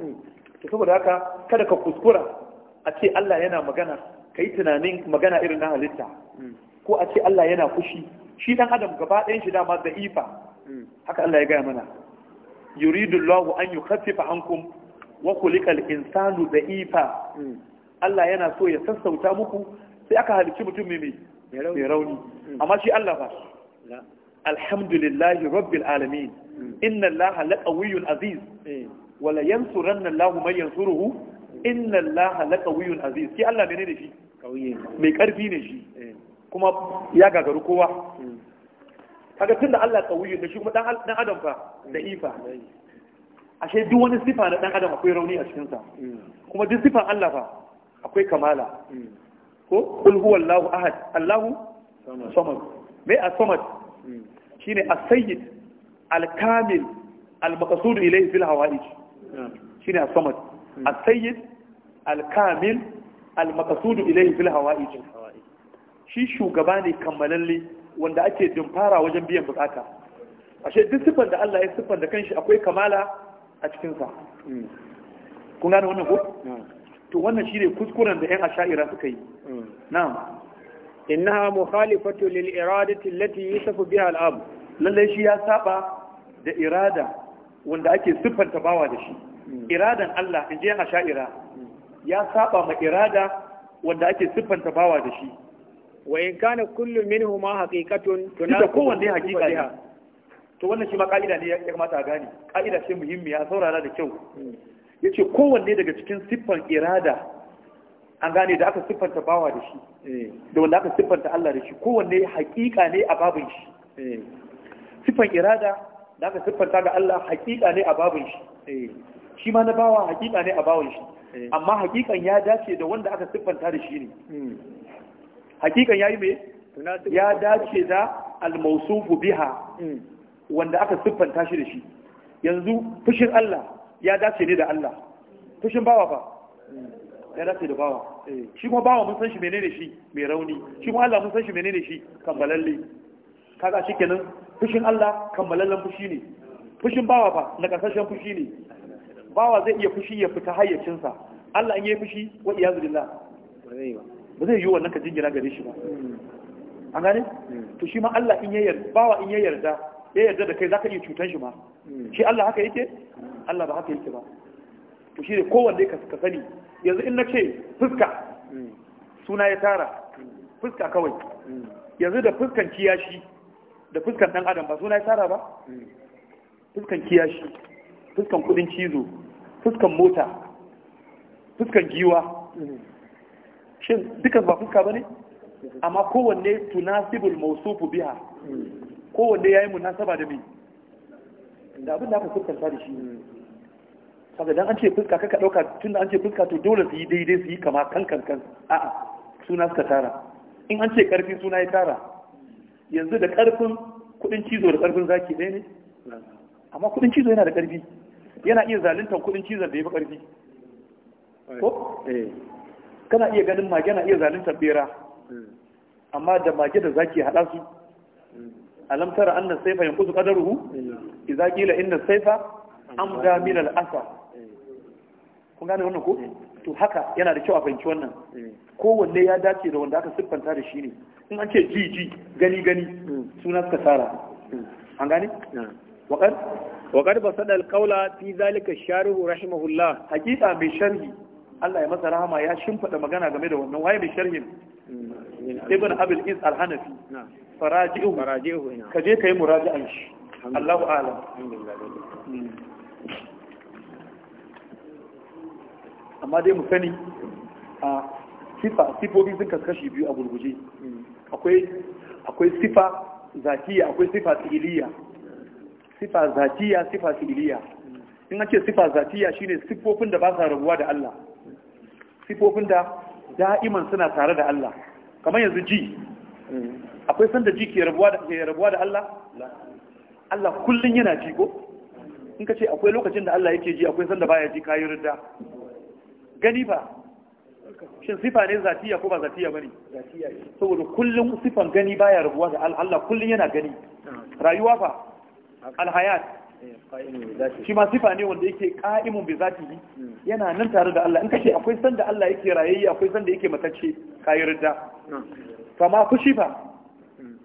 to saboda haka kada ka kuskura a ce Allah yana magana kai tunanin magana irin na halitta ko a ce Allah yana kushi shi dan adam gaba ɗayan shi dama da ifa haka Allah ya gaya mana yuridu Allahu an yukhaffifa ankum wa khuliqal insanu da ifa Allah yana so ya sassauta muku sai aka halicci mutum mai mai rauni mm. amma shi Allah ba alhamdulillahi rabbil alamin mm. inna allaha laqawiyyun aziz eh. wala yansuranna allahu man yansuruhu inna allaha laqawiyyun aziz shi Allah menene da shi mai karfi ne shi eh. kuma ya gagaru kowa mm. kaga tunda Allah qawiyyun da shi kuma dan dan adam fa da ifa ashe duk wani sifa na dan adam akwai rauni a cikin sa kuma duk sifan Allah fa akwai kamala ko kul huwa Allahu ahad Allahu samad me as-samad shine as-sayyid al-kamil al-maqsud ilayhi fil hawaij shine a samad as-sayyid al-kamil al-maqsud ilayhi fil hawaij shi shugaba ne kammalalle wanda ake jin dimfara wajen biyan bukata ashe duk sifan da Allah ya sifan da kanshi akwai kamala a cikinsa kun gane wannan ko to wannan shine kuskuren da 'yan asha'ira suka yi mm. na'am innaha mukhalifatu lil iradati allati yusafu biha al ab lalle shi ya saba da irada wanda ake siffanta bawa da shi mm. iradan Allah in ƴan 'yan asha'ira mm. ya saba ma irada wanda ake siffanta bawa da shi wa in kana kullu minhuma haqiqatun tunaku kowanne haqiqa to wannan shi ma ka'ida ne ya kamata a gane ka'ida ce muhimmiya saurara da kyau ya ce kowanne daga cikin siffan irada an gane da aka siffanta bawa da shi eh. da wanda aka siffanta Allah da shi kowanne hakika ne a babin shi eh. siffan irada da aka siffanta ga Allah hakika ne a babin shi eh. shi ma na bawa hakika ne a babin shi amma hakikan ya dace da wanda aka siffanta da shi ne hmm. hakikan ya yi mai ya dace da almausufu biha hmm. wanda aka siffanta shi da shi yanzu fushin Allah ya dace ne da Allah fushin bawa ba ya dace da bawa eh. shi kuma bawa mun san shi menene shi mai rauni shi kuma Allah mun san shi menene shi kammalalle kaga shikenan fushin Allah kammalallen fushi ne fushin bawa ba na kasashen fushi ne bawa zai iya fushi ya fita hayyacinsa Allah in yi fushi wa iyazu billah ba zai yi wannan ka jingira gare shi ba hmm. an gane hmm. to shi ma Allah in ya yarda bawa in ya yarda ya yarda da kai zaka iya cutan shi ma hmm. shi Allah haka yake Allah ba haka yake ba to shi ne kowanne ka sani yanzu in na ce fuska suna ya tara fuska kawai yanzu da fuskan kiyashi da fuskan dan adam ba suna ya tara ba fuskan kiyashi fuskan kudin cizo fuskan mota fuskan giwa shin duka ba fuska ba ne amma kowanne tunasibul mausufu biha kowanne ya yi munasaba da mai da abin da aka fuskanta da shi saboda dan an ce fuska kaka dauka tunda an ce fuska to dole su yi daidai su yi kama kan kan kan a'a suna suka tara in an ce karfi suna ya tara yanzu da karfin kudin cizo da karfin zaki ɗaya ne amma kudin cizo yana da karfi yana iya zaluntar kudin cizon da ya fi karfi ko eh. kana iya ganin mage na iya zaluntar bera hmm. amma da mage da zaki haɗa su hmm. alam tara anna saifa yanqusu qadaruhu idza qila inna saifa amda min al asa kun gane wannan ko eh. to haka yana da kyau a fahimci wannan eh. kowanne ya dace da wanda aka siffanta da shi ne in an ce ji ji gani gani hmm. suna suka tsara hmm. an gane waqad waqad basada al qawla fi zalika sharihu rahimahullah hakika mai sharhi Allah ya masa rahama ya shimfada magana game da wannan waye mai sharhin hmm. ibn abul is al-hanafi faraji'u faraji'u ka je kai muraji'an shi Allahu a'lam hmm. amma dai mu sani a sifa sifofi sun kaskashi biyu a gurguje hmm. akwai akwai sifa zakiya, akwai sifa fi'iliya sifa zakiya, sifa fi'iliya in an sifa zatiya shine sifofin da ba sa rabuwa da Allah sifofin da da'iman suna tare da Allah kamar yanzu ji akwai sanda ji ke rabuwa da Allah Allah kullum yana ji ko in ka ce akwai lokacin da Allah yake ji akwai sanda baya ji kayi ridda gani ba shin sifa ne zatiya ko ba zatiya ba zatiya saboda kullum sifan gani baya rabuwa da Allah kullum yana gani rayuwa fa alhayat eh, shi ma sifa ne wanda yake ka'imun bi zatihi hmm. yana nan tare da Allah in ka ce akwai sanda Allah yake rayayya, akwai sanda yake matacce kayi ridda hmm. kama fushi ba hmm.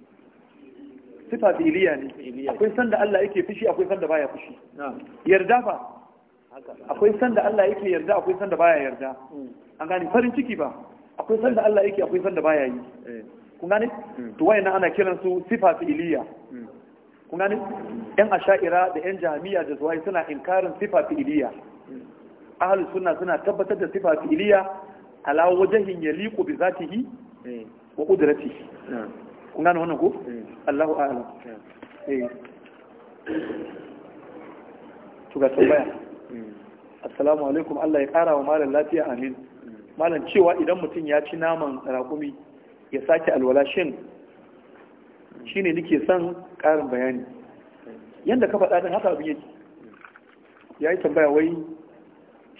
sifa filiya ne akwai sanda Allah yake fushi akwai sanda baya fushi yarda ba akwai sanda Allah yake yarda akwai sanda baya yarda hmm. an gane farin ciki ba akwai sanda Allah yake akwai sanda baya yi eh. kun gane hmm. to wayannan ana kiran su sifa filiya kun gane yan asha'ira da yan jami'a da zuwa suna inkarin sifa filiya ahlus sunna suna tabbatar da sifa filiya ala wajhin yaliqu bi zatihi eh. wa kudrati kun gane wannan eh. Allahu a'lam eh. tambaya eh. assalamu alaikum Allah ya kara wa malam lafiya amin malam cewa idan mutum ya ci naman rakumi ya sake alwala shin shine nake son karin bayani yanda ka faɗa haka abin yake yayi tambaya wai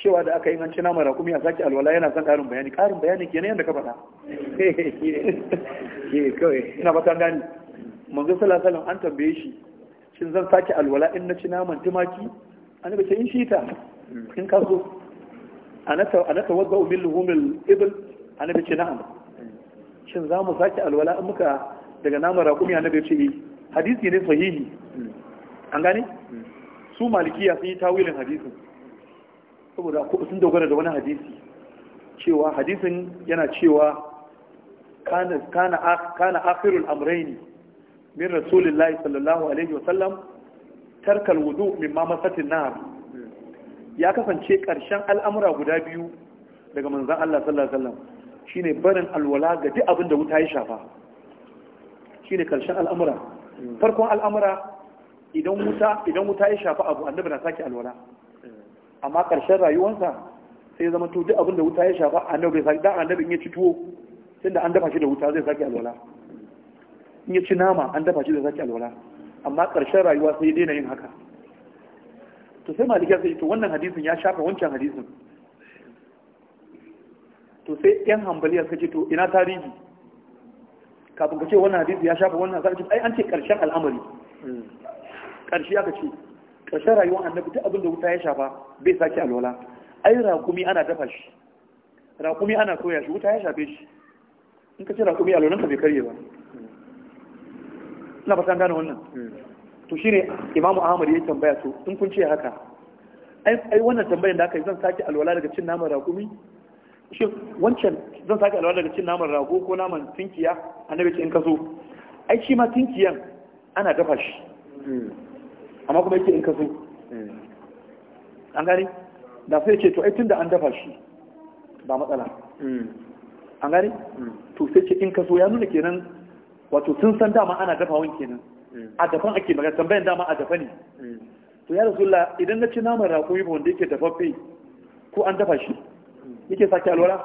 cewa da aka yi an ci mara raƙumi a sake alwala yana son ƙarin bayani ƙarin bayani kenan yadda ka faɗa ina ba ta gani manzo salasalin an tambaye shi shin zan sake alwala in na ci naman tumaki annabi ce in shi ta in ka so anata anata wadda min luhumil ibl annabi ce na'am shin za mu sake alwala in muka daga naman raƙumi annabi ce eh. hadisi ne sahihi an gane su malikiya sun yi tawilin hadisin saboda sun dogara da wani hadisi cewa hadisin yana cewa kana akhirul amraini min rasulillahi sallallahu alaihi wasallam tarkal wudu min mamasatin nar ya kasance karshen al'amura guda biyu daga manzon Allah sallallahu alaihi wasallam shine barin alwala ga duk abin da wuta ya shafa shine karshen al'amura hmm. farkon al'amura idan wuta idan wuta ya shafa abu annabi na saki alwala amma ƙarshen rayuwarsa sai ya zama to duk abin da wuta ya shafa annabi bai da dan annabi in ya ci tuwo da an dafa shi da wuta zai sake alwala in ya ci nama an dafa shi da sake alwala amma ƙarshen rayuwa sai ya daina yin haka to sai malika sai to wannan hadisin ya shafa wancan hadisin to sai yan hambaliya suka ce to ina tarihi kafin ka ce wannan hadisi ya shafa wannan zaka ce ai an ce ƙarshen al'amari hmm. ƙarshe aka ce ƙarshen rayuwar annabi duk abin da wuta ya shafa bai sake alwala ai rakumi ana dafa shi rakumi ana soya shi wuta ya shafe shi in ka ce rakumi alwalanka bai karye ba ina fatan gane wannan to shi ne imamu ahmad ya tambaya to in kun ce haka ai wannan tambayar da aka yi zan sake alwala daga cin naman raƙumi? shi wancan zan sake alwala daga cin naman rago ko naman tinkiya annabi ce in ka so ai shi ma tinkiyan ana dafa shi amma kuma yake in ka so an gane da sai ce to ai tunda an dafa shi ba matsala an gane to sai ce in ka so ya nuna kenan wato sun san dama ana dafawan kenan a dafan ake magana tambayan dama a dafa ne to ya la idan na ci naman raƙoyi ba wanda yake dafaffe ko an dafa shi yake sake alwala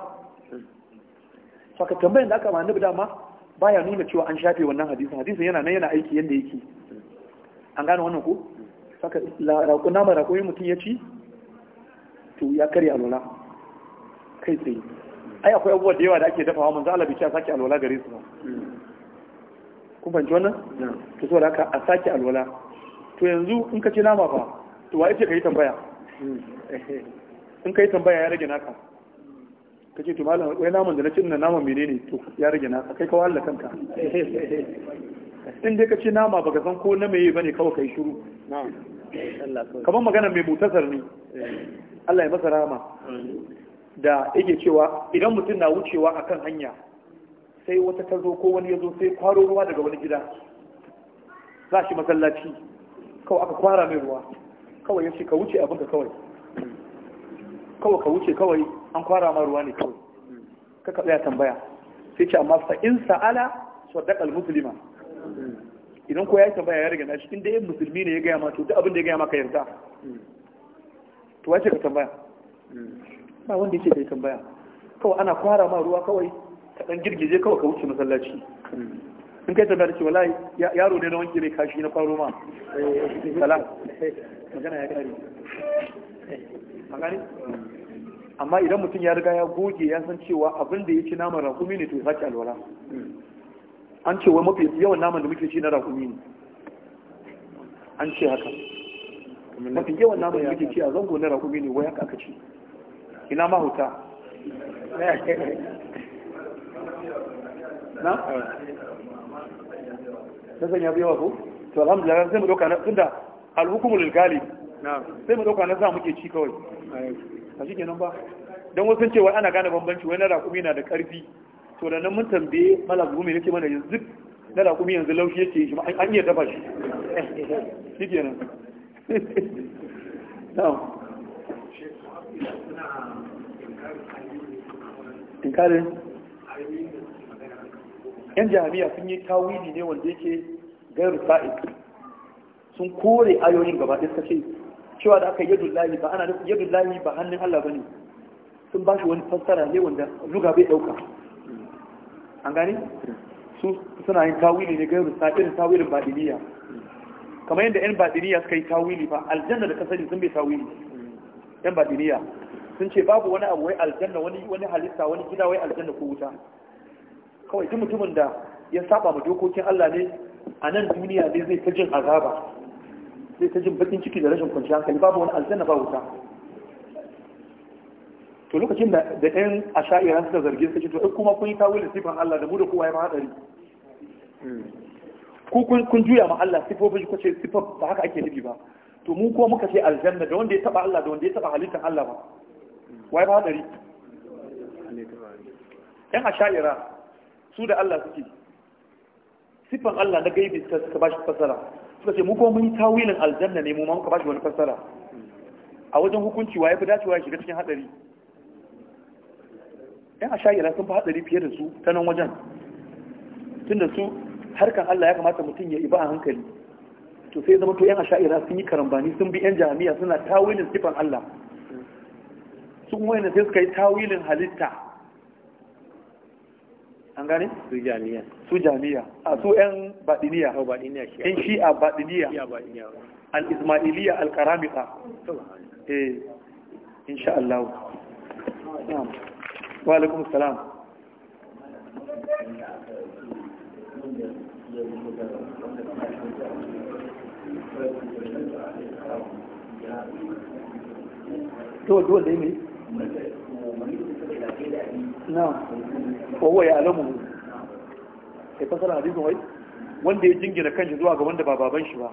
saka tambayan da aka ma annabi dama baya nuna cewa an shafe wannan hadisin hadisin yana nan yana aiki yanda yake an gane wannan ko saka nama raƙoyi mutum ya ci to ya karya alwala kai tsaye ai akwai abubuwa da yawa da ake dafawa manzo Allah bai ci a sake alwala gare su ba ku ban wannan to saboda haka a sake alwala to yanzu in ka ci nama fa to wa yace ka yi tambaya in ka yi tambaya ya rage naka kace to malam wai naman da na cin na naman menene to ya rage naka kai ka wahala kanka in dai ka ci nama baka san ko na meye bane kawai kai shiru kamar magana mai mutasar ne Allah ya masa rama da yake cewa idan mutum na wucewa akan hanya sai wata ta zo ko wani ya zo sai kwaro ruwa daga wani gida za shi masallaci kawai aka kwara mai ruwa kawai ya ce ka wuce abinka kawai kawai ka wuce kawai an kwara ma ruwa ne kawai ka tsaya tambaya sai ce amma fa in sa'ala saddaqal muslima idan ko ya yi tambaya ya rage na cikin dai musulmi ne ya gaya ma to duk abin da ya gaya ka yarda to wace ka tambaya ba wanda yake kai tambaya kawai ana kwara ma ruwa kawai ka dan girgije kawai ka wuce masallaci in kai tambaya ce wallahi yaro ne na wanke mai kashi na faro ma sala magana ya kare magani amma idan mutum ya riga ya goge ya san cewa abin da ya ci naman rakumi ne to ya sace alwala an ce wai mafi yawan naman da muke ci na rakumi ne an ce haka mafi yawan naman da muke ci a zango na rakumi ne wai haka aka ci ina mahuta na? na sanya biyawa ko? to alhamdulillah sai mu doka na tunda alhukumul gali sai mu doka na za muke ci kawai a shi kenan ba don wasu cewa ana gane bambanci wai wani rakumi na da karfi to da nan mun tambaye malam mai nake mana yanzu na da kuma yanzu laushi yake shi an iya dafa shi shi kenan na'am inkarin yan jami'a sun yi tawili ne wanda yake gairu sa'id sun kore ayoyin gaba ɗaya suka cewa da aka yadu lahi ba ana yadu lahi ba hannun Allah ba ne. sun ba shi wani fassara ne wanda luga bai ɗauka an gane su suna yin tawili ne gairu irin tawilin badiniya kamar yadda yan badiniya suka yi tawili ba aljanna da kasani sun bai tawili yan badiniya sun ce babu wani abu wai aljanna wani halitta wani gida wai aljanna ko wuta kawai duk mutumin da ya saba ma dokokin Allah ne a nan duniya ne zai ta jin azaba zai ta jin bakin ciki da rashin kwanciyar hankali babu wani aljanna ba wuta to lokacin da da ɗan asha'ira suka zargi suka to kuma kun yi tawilin sifan Allah da mu da kowa ya hadari ku kun juya ma Allah sifofin ku ce sifar ba haka ake nufi ba to mu kuma muka ce aljanna da wanda ya taba Allah da wanda ya taba halittar Allah ba wai ba hadari ɗan asha'ira su da Allah suke sifan Allah na gaibi suka bashi shi fassara suka ce mu kuma mun yi tawilin aljanna ne mu ma muka bashi wani fasara a wajen hukunci wa ya fi dacewa ya shiga cikin hadari yan ashayira sun fi haɗari fiye da su ta nan wajen tun da su harkan Allah ya kamata mutum ya iba a hankali to sai zama to yan ashayira sun yi karambani sun bi yan jami'a suna tawilin sifan Allah su kuma yana sai suka yi tawilin halitta an gane? su jami'a su jami'a a su yan baɗiniya yan a baɗiniya al isma'iliya al-karamika eh insha Allah wa alaikum salam to dole ne na kowa ya alamu sai fasara hadisun wai wanda ya jingina shi zuwa ga wanda ba baban shi ba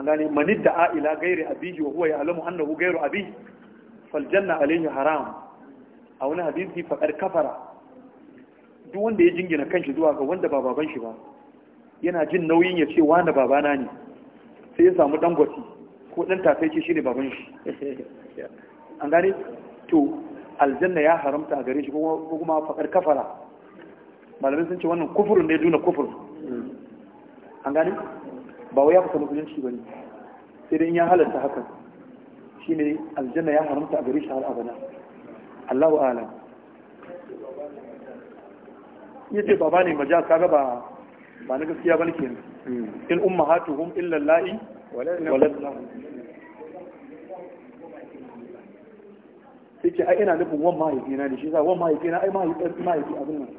an gane manid da a'ila gairi abiji wa huwa ya alamu annahu gairu abi faljanna alayhi haram a wani hadisi faɗar kafara duk wanda ya jingina kanshi zuwa ga wanda ba baban shi ba yana jin nauyin ya ce wani babana ne sai ya samu dangwati ko dan tafaici shine baban shi an gane to aljanna ya haramta a gare shi ko kuma faɗar kafara malamai sun ce wannan kufurin ne duna kufur hmm. an gane ba wai ya fita musulunci ba ne sai dai ya halatta hakan shine aljanna ya haramta a gare shi har abana Allahu alam ba baba ne maja kaga ba ba na gaskiya ba kenan hmm. in umma ummahatuhum illa la'i walad yake ai ina nufin wan mahaifina ne shi sa wan mahaifina ai mahaifi abin nan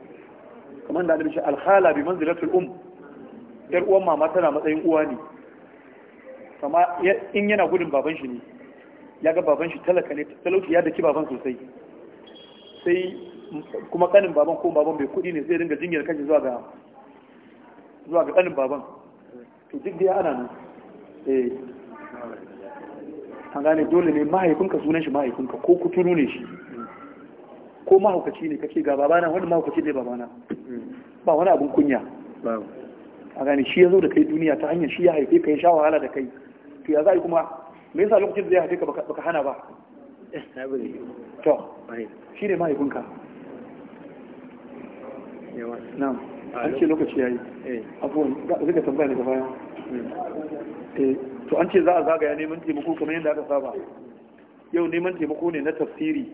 kamar da na shi alhala bi manzilatul um yar uwan mama tana matsayin uwa ne kama in yana gudun baban shi ne ya ga baban shi talaka ne talauci ya daki baban sosai sai kuma kanin baban ko baban bai kudi ne zai ringa jinyar kashi zuwa ga zuwa ga kanin baban to duk dai ana nan eh an gane dole ne mahaifinka sunan shi mahaifinka ko kuturu ne shi ko mahaukaci ne kake ga babana wani mahaukaci ne babana ba wani abun kunya a gane shi ya zo da kai duniya ta hanyar shi ya haife ka ya sha wahala da kai to ya za a yi kuma me yasa lokacin da ya haife ka baka hana ba to shi ne mahaifinka na'am an ce lokaci ya yi eh. abubuwan zika tambaya daga baya hmm. eh, to an ce za a zagaya neman taimako kamar yadda aka saba yau neman taimako ne na tafsiri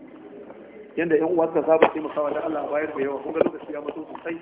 yadda yan uwa suka saba taimakawa da Allah bayar da yawa kuma lokaci ya mato sosai